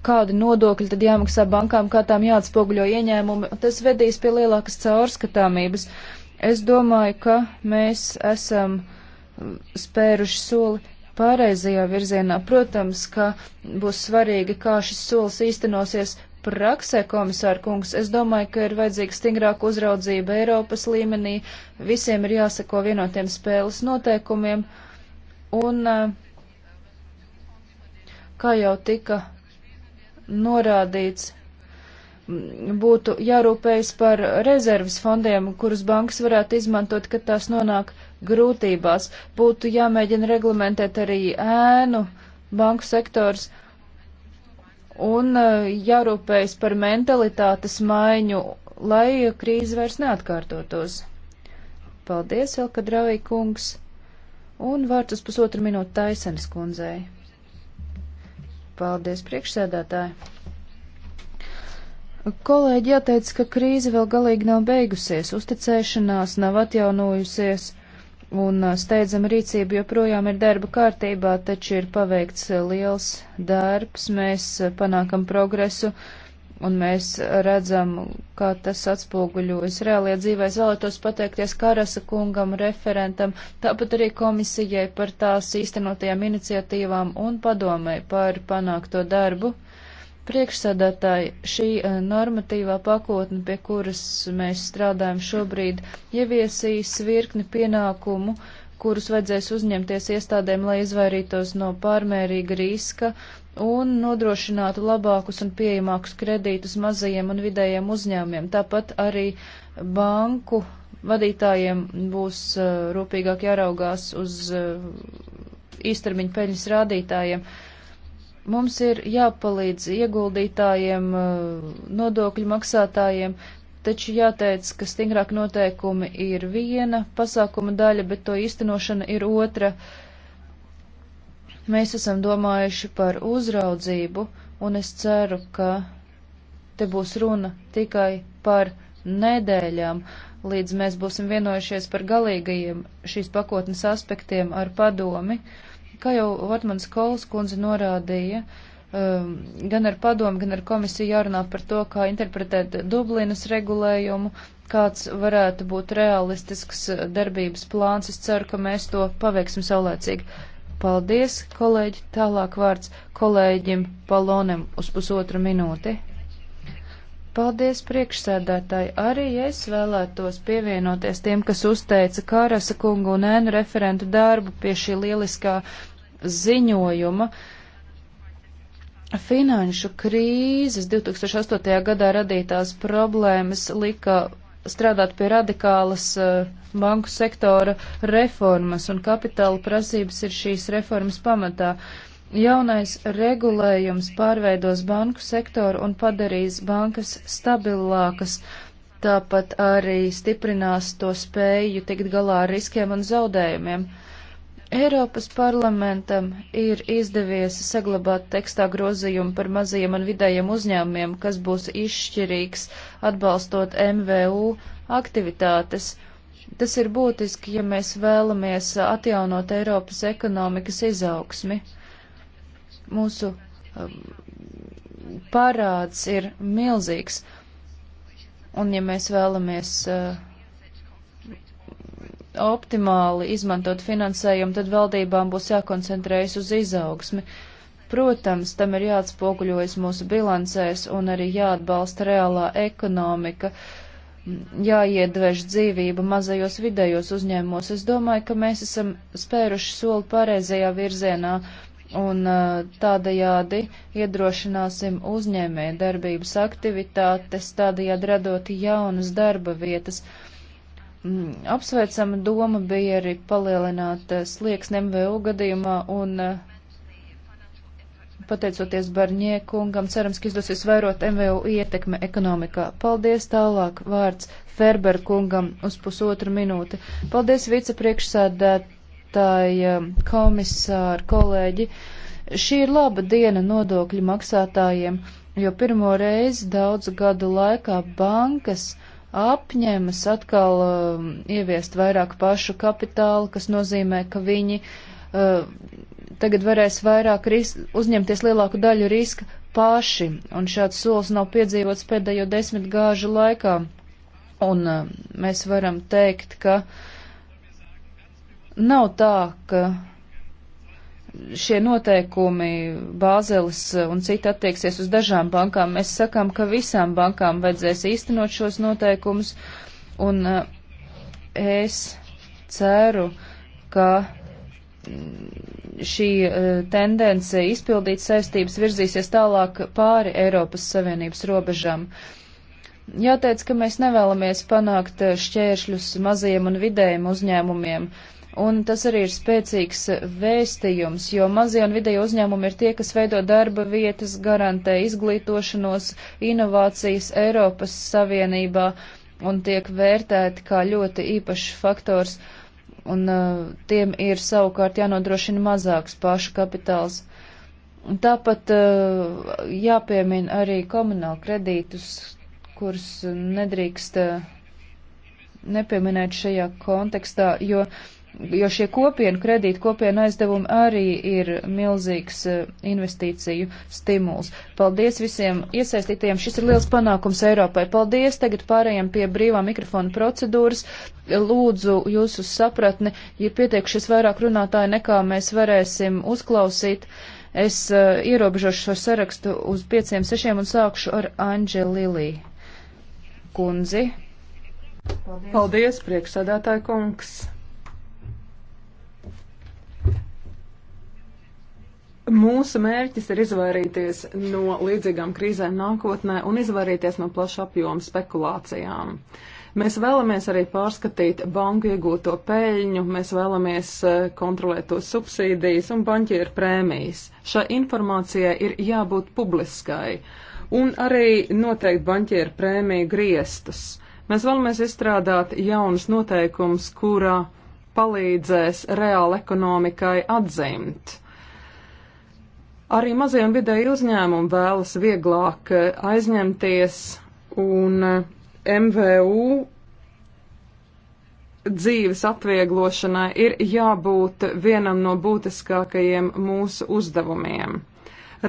kādi nodokļi tad jāmaksā bankām, kā tām jāatspoguļo ieņēmumi, un tas vedīs pie lielākas caurskatāmības. Es domāju, ka mēs esam mm, spēruši soli pareizajā virzienā. Protams, ka būs svarīgi, kā šis solis īstenosies praksē, komisāra kungs. Es domāju, ka ir vajadzīga stingrāka uzraudzība Eiropas līmenī. Visiem ir jāseko vienotiem spēles noteikumiem. Un, eh, kā jau tika norādīts, būtu jārūpējas par rezerves fondiem, kurus bankas varētu izmantot, kad tās nonāk grūtībās. Būtu jāmēģina reglamentēt arī ēnu banku sektors un e, jārūpējas par mentalitātes maiņu, lai krīze vairs neatkārtotos. Paldies, Elka Dravī kungs, un vārds uz pusotru minūtu Taisenes kundzei. Paldies, priekšsēdētāji! Kolēģi jāteica, ka krīze vēl galīgi nav beigusies, uzticēšanās nav atjaunojusies, un steidzama rīcība joprojām ir darba kārtībā, taču ir paveikts liels darbs, mēs panākam progresu. Uh, un mēs redzam, kā tas atspoguļojas reālajā dzīvē. Es vēlētos pateikties Karasa kungam, referentam, tāpat arī komisijai par tās īstenotajām iniciatīvām un padomai par panākto darbu. Priekšsēdētāji, šī eh, normatīvā pakotne, pie kuras mēs strādājam šobrīd, ieviesīs virkni pienākumu, kurus vajadzēs uzņemties iestādēm, lai izvairītos no pārmērīga riska, un nodrošinātu labākus un pieejamākus kredītus mazajiem un vidējiem uzņēmumiem. Tāpat arī banku vadītājiem būs uh, rūpīgāk jāraugās uz uh, īstermiņa peļņas rādītājiem. Mums ir jāpalīdz ieguldītājiem, uh, nodokļu maksātājiem, taču jāteic, ka stingrāk noteikumi ir viena pasākuma daļa, bet to īstenošana ir otra. Uh, Mēs esam domājuši par uzraudzību, un es ceru, ka te būs runa tikai par nedēļām, līdz mēs būsim vienojušies par galīgajiem šīs pakotnes aspektiem ar padomi. Kā jau Vatmans Kols kundze norādīja, um, gan ar padomu, gan ar komisiju jārunā par to, kā interpretēt Dublinas regulējumu, kāds varētu būt realistisks darbības plāns. Es ceru, ka mēs to paveiksim saulēcīgi. Paldies, kolēģi. Tālāk vārds kolēģim Palonem uz pusotru minūti. Paldies, priekšsēdētāji. Arī es vēlētos pievienoties tiem, kas uzteica Kārasa kungu un ēnu referentu darbu pie šī lieliskā ziņojuma. Finanšu krīzes 2008. gadā radītās problēmas lika strādāt pie radikālas uh, banku sektora reformas, un kapitāla prasības ir šīs reformas pamatā. Jaunais regulējums pārveidos banku sektoru un padarīs bankas stabilākas, tāpat arī stiprinās to spēju tikt galā ar riskiem un zaudējumiem. Uh, Eiropas parlamentam ir izdevies saglabāt tekstā grozījumu par mazajiem un vidējiem uzņēmumiem, kas būs izšķirīgs atbalstot MVU aktivitātes. Tas ir būtiski, ja mēs vēlamies atjaunot Eiropas ekonomikas izaugsmi. Mūsu um, parāds ir milzīgs, un ja mēs vēlamies uh, optimāli izmantot finansējumu, tad valdībām būs jākoncentrējas uz izaugsmi. Protams, tam ir jāatspoguļojas mūsu bilancēs un arī jāatbalsta reālā ekonomika, jāiedvež dzīvība mazajos vidējos uzņēmumos. Es domāju, ka mēs esam spēruši soli pareizajā virzienā un tādajādi iedrošināsim uzņēmē darbības aktivitātes, tādajādi radot jaunas darba vietas. Uh, Mm, apsveicama doma bija arī palielināt eh, slieksni MVU gadījumā un eh, pateicoties Barņie kungam, cerams, ka izdosies vairot MVU ietekme ekonomikā. Paldies tālāk vārds Ferber kungam uz pusotru minūti. Paldies vicepriekšsēdētāja eh, komisāra kolēģi. Šī ir laba diena nodokļu maksātājiem, jo pirmo reizi daudzu gadu laikā bankas apņemas atkal uh, ieviest vairāk pašu kapitālu, kas nozīmē, ka viņi uh, tagad varēs vairāk ris uzņemties lielāku daļu riska paši, un šāds solis nav piedzīvots pēdējo desmit gāžu laikā. Un uh, mēs varam teikt, ka nav tā, ka šie noteikumi, Bāzeles un citi attieksies uz dažām bankām. Mēs sakām, ka visām bankām vajadzēs īstenot šos noteikumus, un eh, es ceru, ka mm, šī eh, tendence izpildīt saistības virzīsies tālāk pāri Eiropas Savienības robežām. Jāteic, ka mēs nevēlamies panākt eh, šķēršļus mazajiem un vidējiem uzņēmumiem. Uh, Un tas arī ir spēcīgs vēstījums, jo mazie un vidēji uzņēmumi ir tie, kas veido darba vietas, garantē izglītošanos, inovācijas Eiropas Savienībā un tiek vērtēti kā ļoti īpašs faktors, un uh, tiem ir savukārt jānodrošina mazāks pašu kapitāls. Un tāpat uh, jāpiemina arī komunāla kredītus, kurus nedrīkst uh, nepieminēt šajā kontekstā, jo uh, jo šie kopienu kredīti, kopienu aizdevumi arī ir milzīgs eh, investīciju stimuls. Paldies visiem iesaistītajiem, šis ir liels panākums Eiropai. Paldies, tagad pārējām pie brīvā mikrofona procedūras. Lūdzu jūsu sapratni, ja pieteikšies vairāk runātāji nekā mēs varēsim uzklausīt. Es uh, ierobežošu šo sarakstu uz pieciem, sešiem un sākšu ar Anģelilī kundzi. Paldies, Paldies priekšsādātāja kungs! Mūsu mērķis ir izvairīties no līdzīgām krīzēm nākotnē un izvairīties no plaša apjoma spekulācijām. Mēs vēlamies arī pārskatīt banku iegūto peļņu, mēs vēlamies eh, kontrolēt to subsīdijas un banķieru prēmijas. Šai informācijai ir jābūt publiskai un arī noteikti banķieru prēmiju griestus. Mēs vēlamies izstrādāt jaunus noteikumus, kura palīdzēs reāli ekonomikai atzimt. Arī mazie un vidēji uzņēmumi vēlas vieglāk eh, aizņemties un eh, MVU dzīves atvieglošanai ir jābūt vienam no būtiskākajiem mūsu uzdevumiem.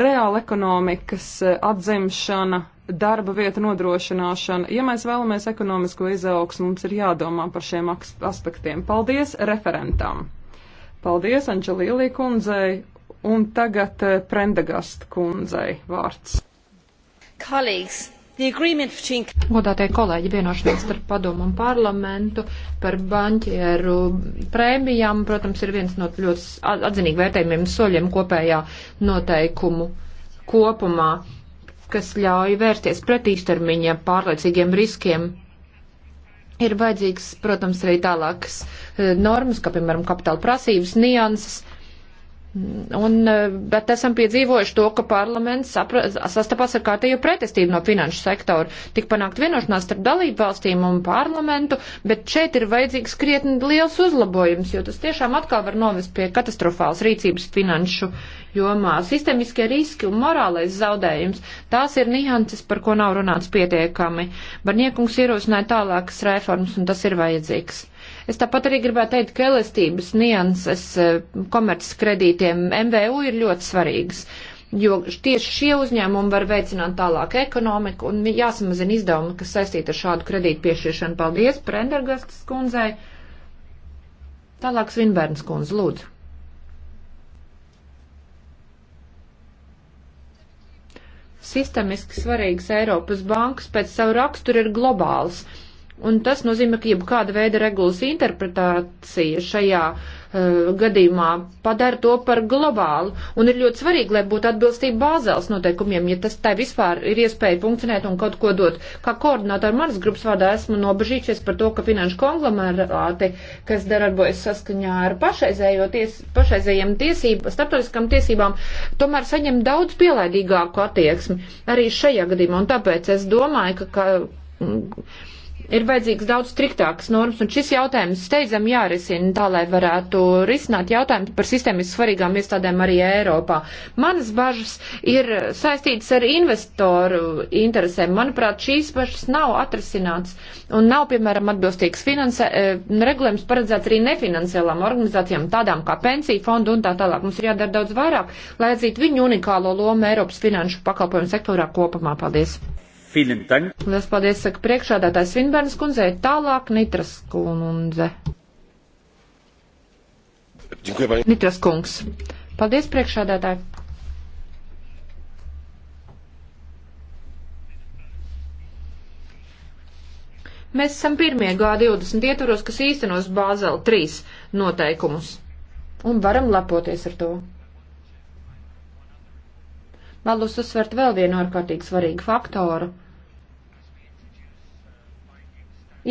Reāla ekonomikas eh, atzimšana, darba vieta nodrošināšana. Ja mēs vēlamies ekonomisko izaugsmu, mums ir jādomā par šiem aspektiem. Paldies referentam! Paldies Anģelīlī kundzei Un tagad eh, Prendegast kundzei vārds. Kolīgs. Godātie kolēģi, vienošanās starp padomu un parlamentu par banķieru prēmijām, protams, ir viens no ļoti atzinīgi vērtējumiem soļiem kopējā noteikumu kopumā, kas ļauj vērsties pret īstermiņa pārlaicīgiem riskiem. Ir vajadzīgs, protams, arī tālākas eh, normas, kā piemēram kapitāla prasības, nianses Un, eh, bet esam piedzīvojuši to, ka parlaments sastapās ar kārtējo pretestību no finanšu sektora. Tik panākt vienošanās starp dalību valstīm un parlamentu, bet šeit ir vajadzīgs krietni liels uzlabojums, jo tas tiešām atkal var novest pie katastrofāls rīcības finanšu jomā. Sistemiskie riski un morālais zaudējums, tās ir nianses, par ko nav runāts pietiekami. Barniekungs ierosināja tālākas reformas, un tas ir vajadzīgs. Es tāpat arī gribētu teikt, ka elastības nianses e, komerckredītiem MVU ir ļoti svarīgas jo tieši šie uzņēmumi var veicināt tālāk ekonomiku un jāsamazina izdevumi, kas saistīti ar šādu kredītu piešķiršanu. Paldies, Prendergastas kundzei. Tālāk Svinbērns kundze, lūdzu. Sistemiski svarīgas Eiropas bankas pēc savu raksturu ir globāls Un tas nozīmē, ka jebkāda veida regulas interpretācija šajā uh, gadījumā padara to par globālu. Un ir ļoti svarīgi, lai būtu atbilstība bāzēles noteikumiem, ja tas tai vispār ir iespēja funkcionēt un kaut ko dot. Kā koordinātori manas grupas vārdā esmu nobežījušies par to, ka finanšu konglomerāti, kas darbojas saskaņā ar ties, pašreizējiem tiesībām, starptautiskām tiesībām, tomēr saņem daudz pielaidīgāku attieksmi arī šajā gadījumā. Un tāpēc es domāju, ka. ka mm, ir vajadzīgs daudz striktākas normas, un šis jautājums steidzam jārisina tā, lai varētu risināt jautājumu par sistēmiski svarīgām iestādēm arī Eiropā. Manas bažas ir saistītas ar investoru interesēm. Manuprāt, šīs bažas nav atrasināts un nav, piemēram, atbilstīgs finansē, e, regulējums paredzēts arī nefinanciālām organizācijām, tādām kā pensiju fondu un tā tālāk. Mums ir jādara daudz vairāk, lai atzītu viņu unikālo lomu Eiropas finanšu pakalpojumu sektorā kopumā. Paldies! Lielas paldies, saka priekšādātājs Vinbērnas kundzei, tālāk Nitras kundze. Nitras kungs. Paldies, priekšādātāji. Mēs esam pirmie G20 ietvaros, kas īstenos Bāzeli 3 noteikumus. Un varam lepoties ar to. Vēlos uzsvert vēl vienu ārkārtīgi svarīgu faktoru.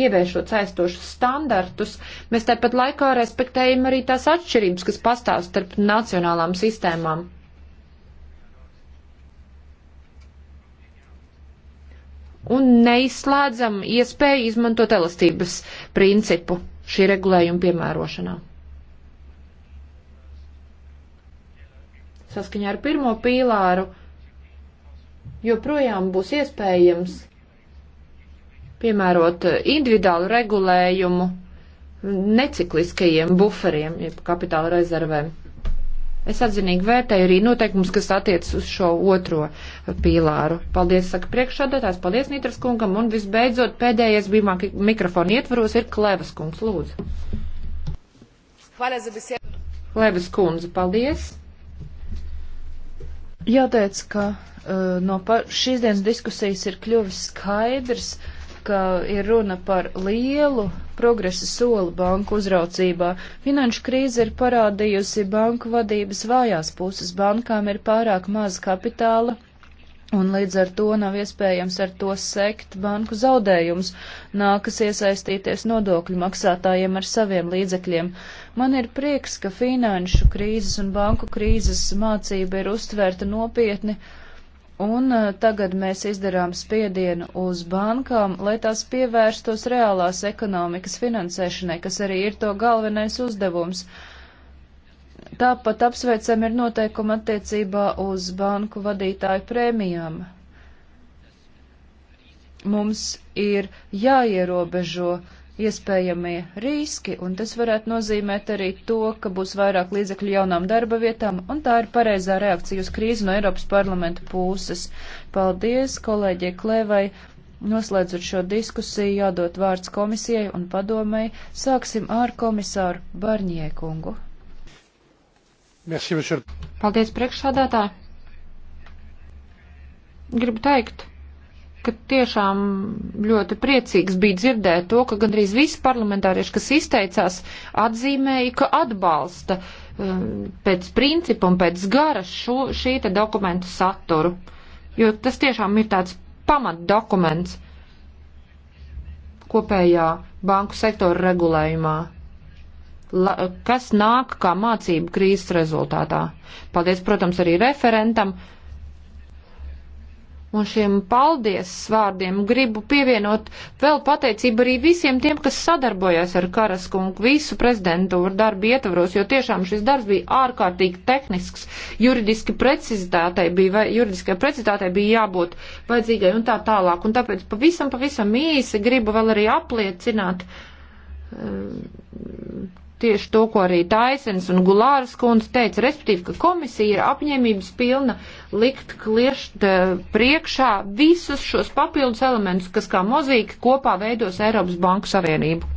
Ievēršot saistošus standartus, mēs tāpat laikā respektējam arī tās atšķirības, kas pastāv starp nacionālām sistēmām. Un neizslēdzam iespēju izmantot elastības principu šī regulējuma piemērošanā. saskaņā ar pirmo pīlāru joprojām būs iespējams piemērot individuālu regulējumu necikliskajiem buferiem, jeb kapitāla rezervēm. Es atzinīgi vērtēju arī noteikumus, kas attiecas uz šo otro pīlāru. Paldies, saka priekšādātājs, paldies Nitras kungam, un visbeidzot pēdējais bija mikrofona ietvaros ir Klevas kungs, lūdzu. Klevas kundze, paldies! Jāteic, ka uh, no šīs dienas diskusijas ir kļuvis skaidrs, ka ir runa par lielu progresa soli banku uzraucībā. Finanšu krīze ir parādījusi banku vadības vājās puses. Bankām ir pārāk maz kapitāla Un līdz ar to nav iespējams ar to sekt banku zaudējumus, nākas iesaistīties nodokļu maksātājiem ar saviem līdzekļiem. Man ir prieks, ka finanšu krīzes un banku krīzes mācība ir uztvērta nopietni, un eh, tagad mēs izdarām spiedienu uz bankām, lai tās pievērstos reālās ekonomikas finansēšanai, kas arī ir to galvenais uzdevums. Uh, Tāpat apsveicam ir noteikumi attiecībā uz banku vadītāju prēmijām. Mums ir jāierobežo iespējamie riski, un tas varētu nozīmēt arī to, ka būs vairāk līdzekļu jaunām darba vietām, un tā ir pareizā reakcija uz krīzi no Eiropas parlamenta puses. Paldies kolēģie Klevai. Noslēdzot šo diskusiju, jādod vārds komisijai un padomai, sāksim ar komisāru Barņiekungu. Paldies, priekšsādātāji. Gribu teikt, ka tiešām ļoti priecīgs bija dzirdēt to, ka gandrīz visi parlamentārieši, kas izteicās, atzīmēja, ka atbalsta um, pēc principa un pēc gara šo, šī te dokumentu saturu. Jo tas tiešām ir tāds pamatdokuments kopējā banku sektora regulējumā la, kas nāk kā mācību krīzes rezultātā. Paldies, protams, arī referentam. Un šiem paldies vārdiem gribu pievienot vēl pateicību arī visiem tiem, kas sadarbojas ar Karaskungu visu prezidentūru darbu ietvaros, jo tiešām šis darbs bija ārkārtīgi tehnisks, juridiski precizitātei bija, vai, juridiskai precizitātei bija jābūt vajadzīgai un tā tālāk. Un tāpēc pavisam, pavisam īsi gribu vēl arī apliecināt. Um, tieši to, ko arī Taisens un Gulāras kundze teica, respektīvi, ka komisija ir apņēmības pilna likt kliešt eh, priekšā visus šos papildus elementus, kas kā mozīki kopā veidos Eiropas Banku Savienību.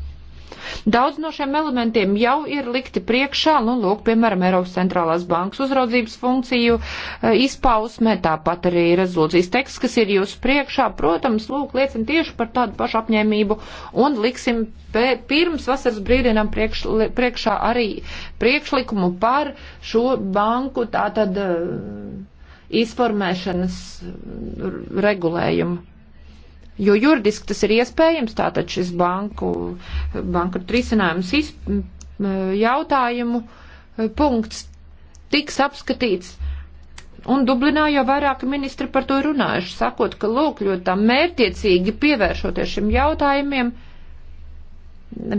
Daudz no šiem elementiem jau ir likti priekšā, nu, lūk, piemēram, Eiropas centrālās bankas uzraudzības funkciju e, izpausme, tāpat arī rezolūcijas teksts, kas ir jūsu priekšā, protams, lūk, liecina tieši par tādu pašu apņēmību un liksim pirms vasaras brīdienam priekš, priekšā arī priekšlikumu par šo banku tātad e, izformēšanas regulējumu. Jo juridiski tas ir iespējams, tātad šis banku, banku risinājums jautājumu e, punkts tiks apskatīts. Un Dublinā jau vairāki ministri par to runājuši, sakot, ka lūk, ļoti tā mērtiecīgi pievēršoties šim jautājumiem,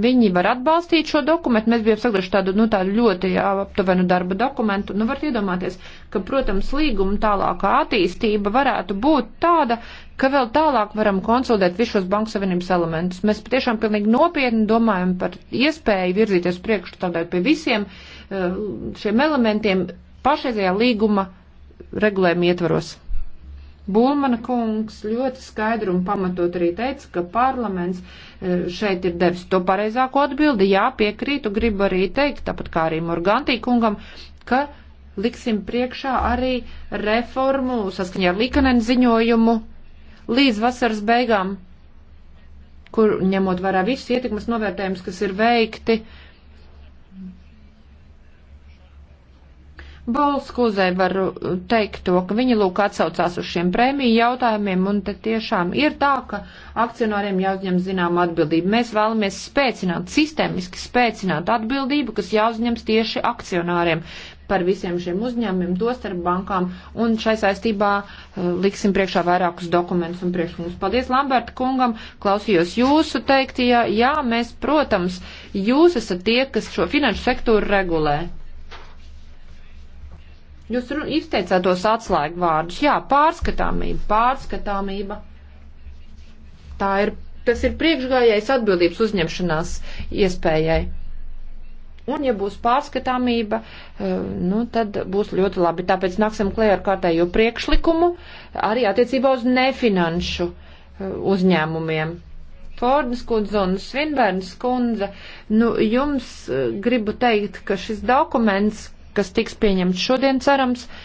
viņi var atbalstīt šo dokumentu. Mēs bijām saglabājuši tādu, nu, tādu ļoti jā, aptuvenu darba dokumentu. Nu, varat iedomāties, ka, protams, līguma tālākā attīstība varētu būt tāda, ka vēl tālāk varam konsolidēt visus šos banku savienības elementus. Mēs patiešām pilnīgi nopietni domājam par iespēju virzīties priekšu tādai pie visiem eh, šiem elementiem pašreizējā līguma regulējuma ietvaros. Bulmana kungs ļoti skaidri un pamatot arī teica, ka parlaments eh, šeit ir devis to pareizāko atbildi. Jā, piekrītu, gribu arī teikt, tāpat kā arī Morgantī kungam, ka liksim priekšā arī reformu saskaņā ar Likanenu ziņojumu līdz vasaras beigām, kur ņemot vērā visus ietekmes novērtējumus, kas ir veikti. Bolskūzē var teikt to, ka viņi lūk atsaucās uz šiem prēmiju jautājumiem, un te tiešām ir tā, ka akcionāriem jāuzņem zinām atbildību. Mēs vēlamies spēcināt, sistemiski spēcināt atbildību, kas jāuzņems tieši akcionāriem par visiem šiem uzņēmumiem, tostarp bankām, un šai saistībā eh, liksim priekšā vairākus dokumentus un priekšlikumus. Paldies Lamberta kungam, klausījos jūsu teiktajā, jā, mēs, protams, jūs esat tie, kas šo finanšu sektoru regulē. Jūs izteicāt tos atslēgu vārdus, jā, pārskatāmība, pārskatāmība. Tā ir, tas ir priekšgājais atbildības uzņemšanās iespējai. Un, ja būs pārskatāmība, eh, nu, tad būs ļoti labi. Tāpēc nāksim klē ar kārtējo priekšlikumu arī attiecībā uz nefinanšu eh, uzņēmumiem. Fordas kundze un Svinbērns kundze, nu, jums eh, gribu teikt, ka šis dokuments, kas tiks pieņemts šodien, cerams, uh,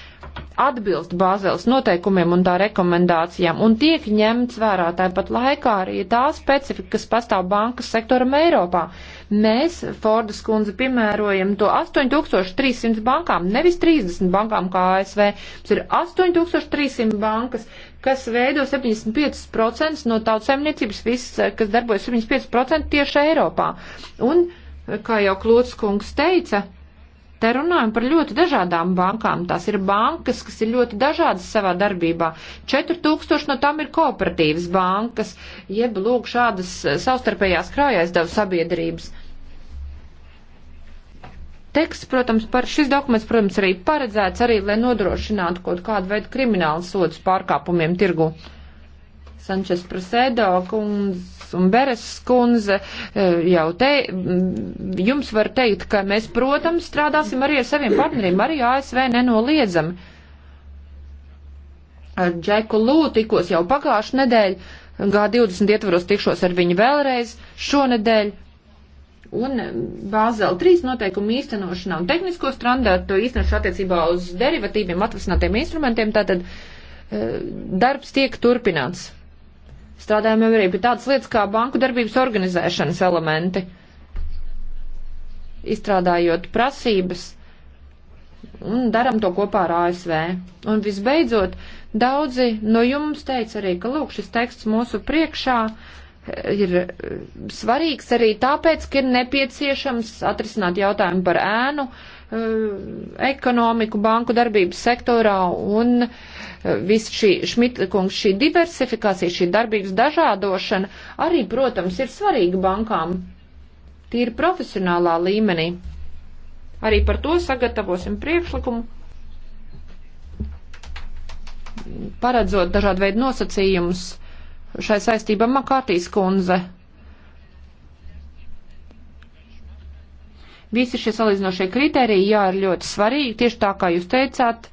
atbilst Bāzeles noteikumiem un tā rekomendācijām, un tiek ņemts vērā tāpat laikā arī tā specifika, kas pastāv bankas sektoram Eiropā. Mēs, Fordas kundze, piemērojam to 8300 bankām, nevis 30 bankām kā ASV. Mums ir 8300 bankas, kas veido 75% no tautsēmniecības, viss, kas darbojas 75% tieši Eiropā. Un, kā jau Klots kungs teica, Te runājam par ļoti dažādām bankām. Tās ir bankas, kas ir ļoti dažādas savā darbībā. 4000 no tām ir kooperatīvas bankas, jeb lūk šādas savstarpējās krājaizdevuma sabiedrības. Teksts, protams, par šis dokuments, protams, arī paredzēts arī, lai nodrošinātu kaut kādu veidu kriminālu sodus pārkāpumiem tirgu. Sančes Prasēdo kundze un Beres skundze e, jau te, jums var teikt, ka mēs, protams, strādāsim arī ar saviem partneriem, arī ASV nenoliedzami. Ar Džeku Lū tikos jau pagājušu nedēļu, G20 ietvaros tikšos ar viņu vēlreiz šonedēļ. Un e, Bāzela 3 noteikumu īstenošanā un tehnisko standārtu īstenošanu attiecībā uz derivatīviem atvasinātiem instrumentiem, tātad e, darbs tiek turpināts strādājam jau arī pie tādas lietas kā banku darbības organizēšanas elementi, izstrādājot prasības un daram to kopā ar ASV. Un visbeidzot, daudzi no jums teica arī, ka lūk, šis teksts mūsu priekšā eh, ir eh, svarīgs arī tāpēc, ka ir nepieciešams atrisināt jautājumu par ēnu Eh, ekonomiku banku darbības sektorā un eh, viss šī šmitkungs, šī diversifikācija, šī darbības dažādošana arī, protams, ir svarīga bankām tīri profesionālā līmenī. Arī par to sagatavosim priekšlikumu, paredzot dažādu veidu nosacījumus šai saistībā Makārtīs kundze Visi šie salīdzinošie kriteriji, jā, ir ļoti svarīgi, tieši tā kā jūs teicāt,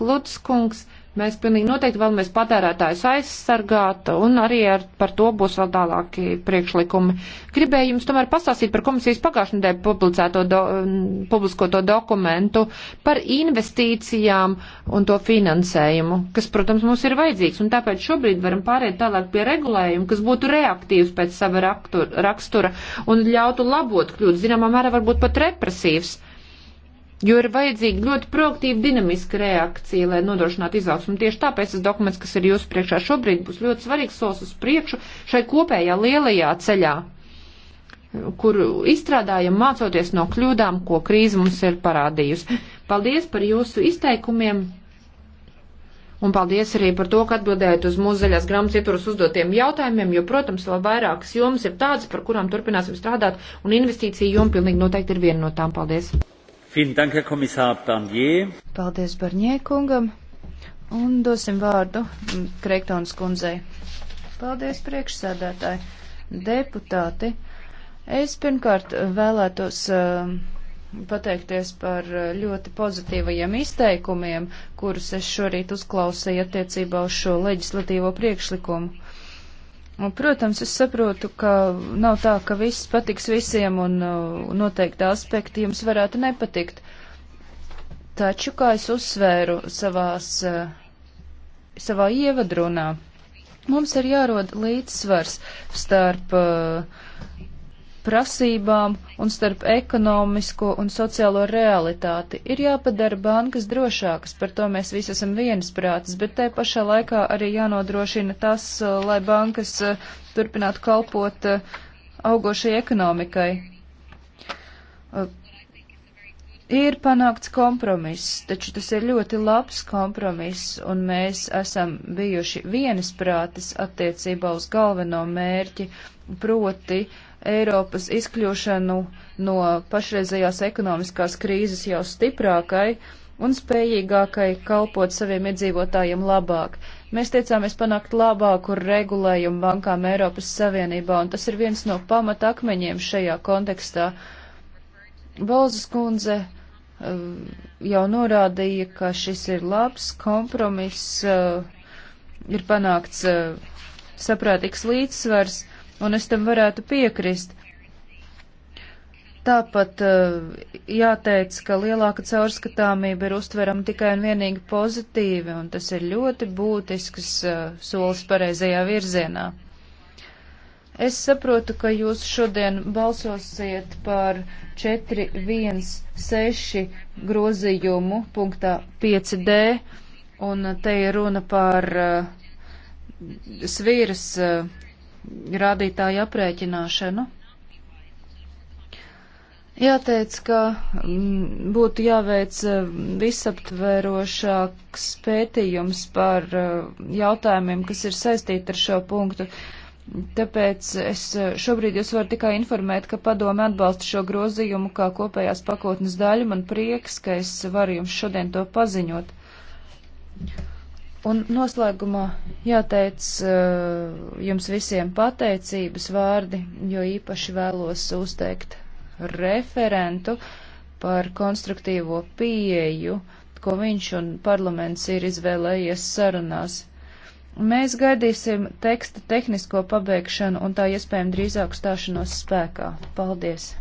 Klutskungs Mēs pilnīgi noteikti vēlamies patērētājus aizsargāt, un arī ar, par to būs vēl tālāki priekšlikumi. Gribēju jums tomēr pastāstīt par komisijas pagājušajā nedēļā publicēto, do, publiskoto dokumentu par investīcijām un to finansējumu, kas, protams, mums ir vajadzīgs, un tāpēc šobrīd varam pāriet tālāk pie regulējuma, kas būtu reaktīvs pēc sava raktura, rakstura un ļautu labot kļūt, zināmā mērā varbūt pat represīvs jo ir vajadzīga ļoti proaktīva dinamiska reakcija, lai nodrošinātu izaugsmu. Tieši tāpēc tas dokuments, kas ir jūsu priekšā šobrīd, būs ļoti svarīgs solis uz priekšu šai kopējā lielajā ceļā, kur izstrādājam mācoties no kļūdām, ko krīze mums ir parādījusi. Paldies par jūsu izteikumiem! Un paldies arī par to, ka atbildējat uz mūsu zaļās grāmatas ietvaros uzdotiem jautājumiem, jo, protams, vēl vairākas jomas ir tādas, par kurām turpināsim strādāt, un investīcija joma pilnīgi noteikti ir viena no tām. Paldies! Dank, Paldies Barņē kungam un dosim vārdu Kreiktons kundzei. Paldies priekšsēdētāji, deputāti. Es pirmkārt vēlētos uh, pateikties par ļoti pozitīvajiem izteikumiem, kurus es šorīt uzklausīju attiecībā uz šo leģislatīvo priekšlikumu. Un, protams, es saprotu, ka nav tā, ka viss patiks visiem un uh, noteikti aspekti jums varētu nepatikt. Taču, kā es uzsvēru savās, uh, savā ievadrunā, mums ir jārod līdzsvars starp uh, prasībām un starp ekonomisko un sociālo realitāti. Ir jāpadara bankas drošākas, par to mēs visi esam viensprātis, bet te pašā laikā arī jānodrošina tas, eh, lai bankas eh, turpinātu kalpot eh, augošai ekonomikai. Ir panākts kompromiss, taču tas ir ļoti labs kompromiss, un mēs esam bijuši viensprātis attiecībā uz galveno mērķi, proti uh, Eiropas izkļūšanu no pašreizējās ekonomiskās krīzes jau stiprākai un spējīgākai kalpot saviem iedzīvotājiem labāk. Mēs tiecāmies panākt labāku regulējumu bankām Eiropas Savienībā, un tas ir viens no pamatakmeņiem šajā kontekstā. Balzas kundze eh, jau norādīja, ka šis ir labs kompromiss, eh, ir panākts eh, saprātīgs līdzsvars un es tam varētu piekrist. Tāpat eh, jāteic, ka lielāka caurskatāmība ir uztverama tikai un vienīgi pozitīvi, un tas ir ļoti būtisks eh, solis pareizajā virzienā. Es saprotu, ka jūs šodien balsosiet par 416 grozījumu punktā 5D, un te ir runa par eh, svīras rādītāju aprēķināšanu. Jāteic, ka mm, būtu jāveic eh, visaptverošāks pētījums par eh, jautājumiem, kas ir saistīti ar šo punktu. Tāpēc es eh, šobrīd jūs varu tikai informēt, ka padome atbalsta šo grozījumu kā kopējās pakotnes daļu. Man prieks, ka es varu jums šodien to paziņot. Un noslēgumā jāteic eh, jums visiem pateicības vārdi, jo īpaši vēlos uzteikt referentu par konstruktīvo pieeju, ko viņš un parlaments ir izvēlējies sarunās. Mēs gaidīsim teksta tehnisko pabeigšanu un tā iespējami drīzāk stāšanos spēkā. Paldies!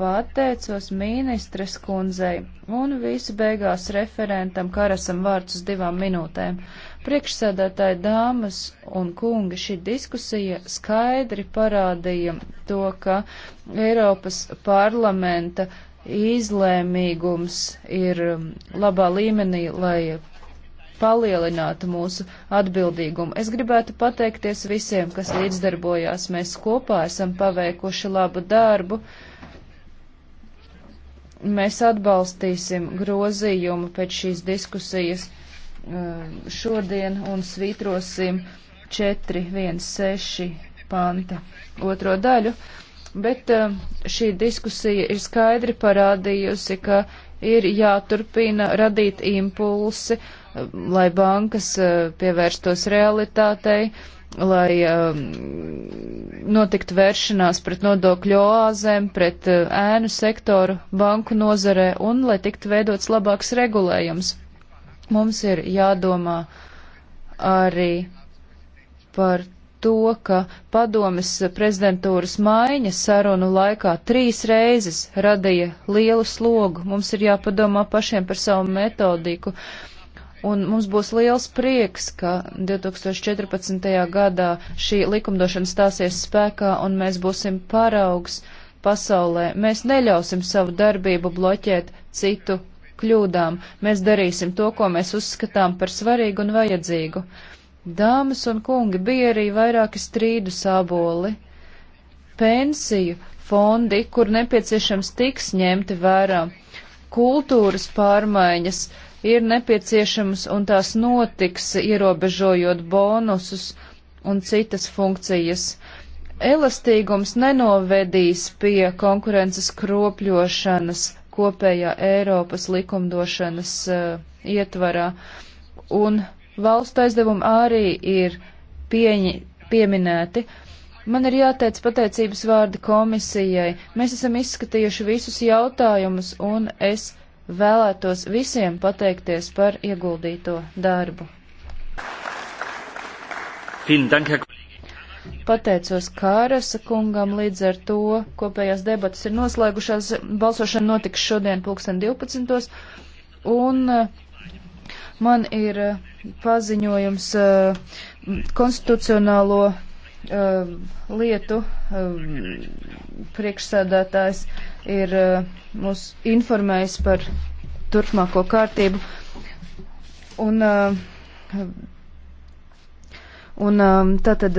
pateicos ministres kundzei un visu beigās referentam Karasam vārds uz divām minūtēm. Priekšsēdētāji dāmas un kungi šī diskusija skaidri parādīja to, ka Eiropas parlamenta izlēmīgums ir um, labā līmenī, lai palielinātu mūsu atbildīgumu. Es gribētu pateikties visiem, kas līdzdarbojās. Mēs kopā esam paveikuši labu darbu. Mēs atbalstīsim grozījumu pēc šīs diskusijas uh, šodien un svītrosim 416 panta otro daļu, bet uh, šī diskusija ir skaidri parādījusi, ka ir jāturpina radīt impulsi, uh, lai bankas pievērstos realitātei lai um, notiktu vēršanās pret nodokļu oāzēm, pret uh, ēnu sektoru, banku nozarē un lai tiktu veidots labāks regulējums. Mums ir jādomā arī par to, ka padomes prezidentūras maiņa sarunu laikā trīs reizes radīja lielu slogu. Mums ir jāpadomā pašiem par savu metodiku. Uh, Un mums būs liels prieks, ka 2014. gadā šī likumdošana stāsies spēkā un mēs būsim paraugs pasaulē. Mēs neļausim savu darbību bloķēt citu kļūdām. Mēs darīsim to, ko mēs uzskatām par svarīgu un vajadzīgu. Dāmas un kungi bija arī vairāki strīdu sāboli. Pensiju fondi, kur nepieciešams tiks ņemti vērā kultūras pārmaiņas, uh, ir nepieciešamas un tās notiks, ierobežojot bonusus un citas funkcijas. Elastīgums nenovedīs pie konkurences kropļošanas kopējā Eiropas likumdošanas uh, ietvarā, un valstu aizdevumi arī ir pieņi, pieminēti. Man ir jāteic pateicības vārdi komisijai. Mēs esam izskatījuši visus jautājumus, un es vēlētos visiem pateikties par ieguldīto darbu. Pateicos Kārasa kungam līdz ar to. Kopējās debatas ir noslēgušās. Balsošana notiks šodien pulksten 12. Un uh, man ir uh, paziņojums uh, konstitucionālo lietu priekšsēdētājs ir eh, mūs informējis par turpmāko kārtību. Un, eh, un eh, tātad.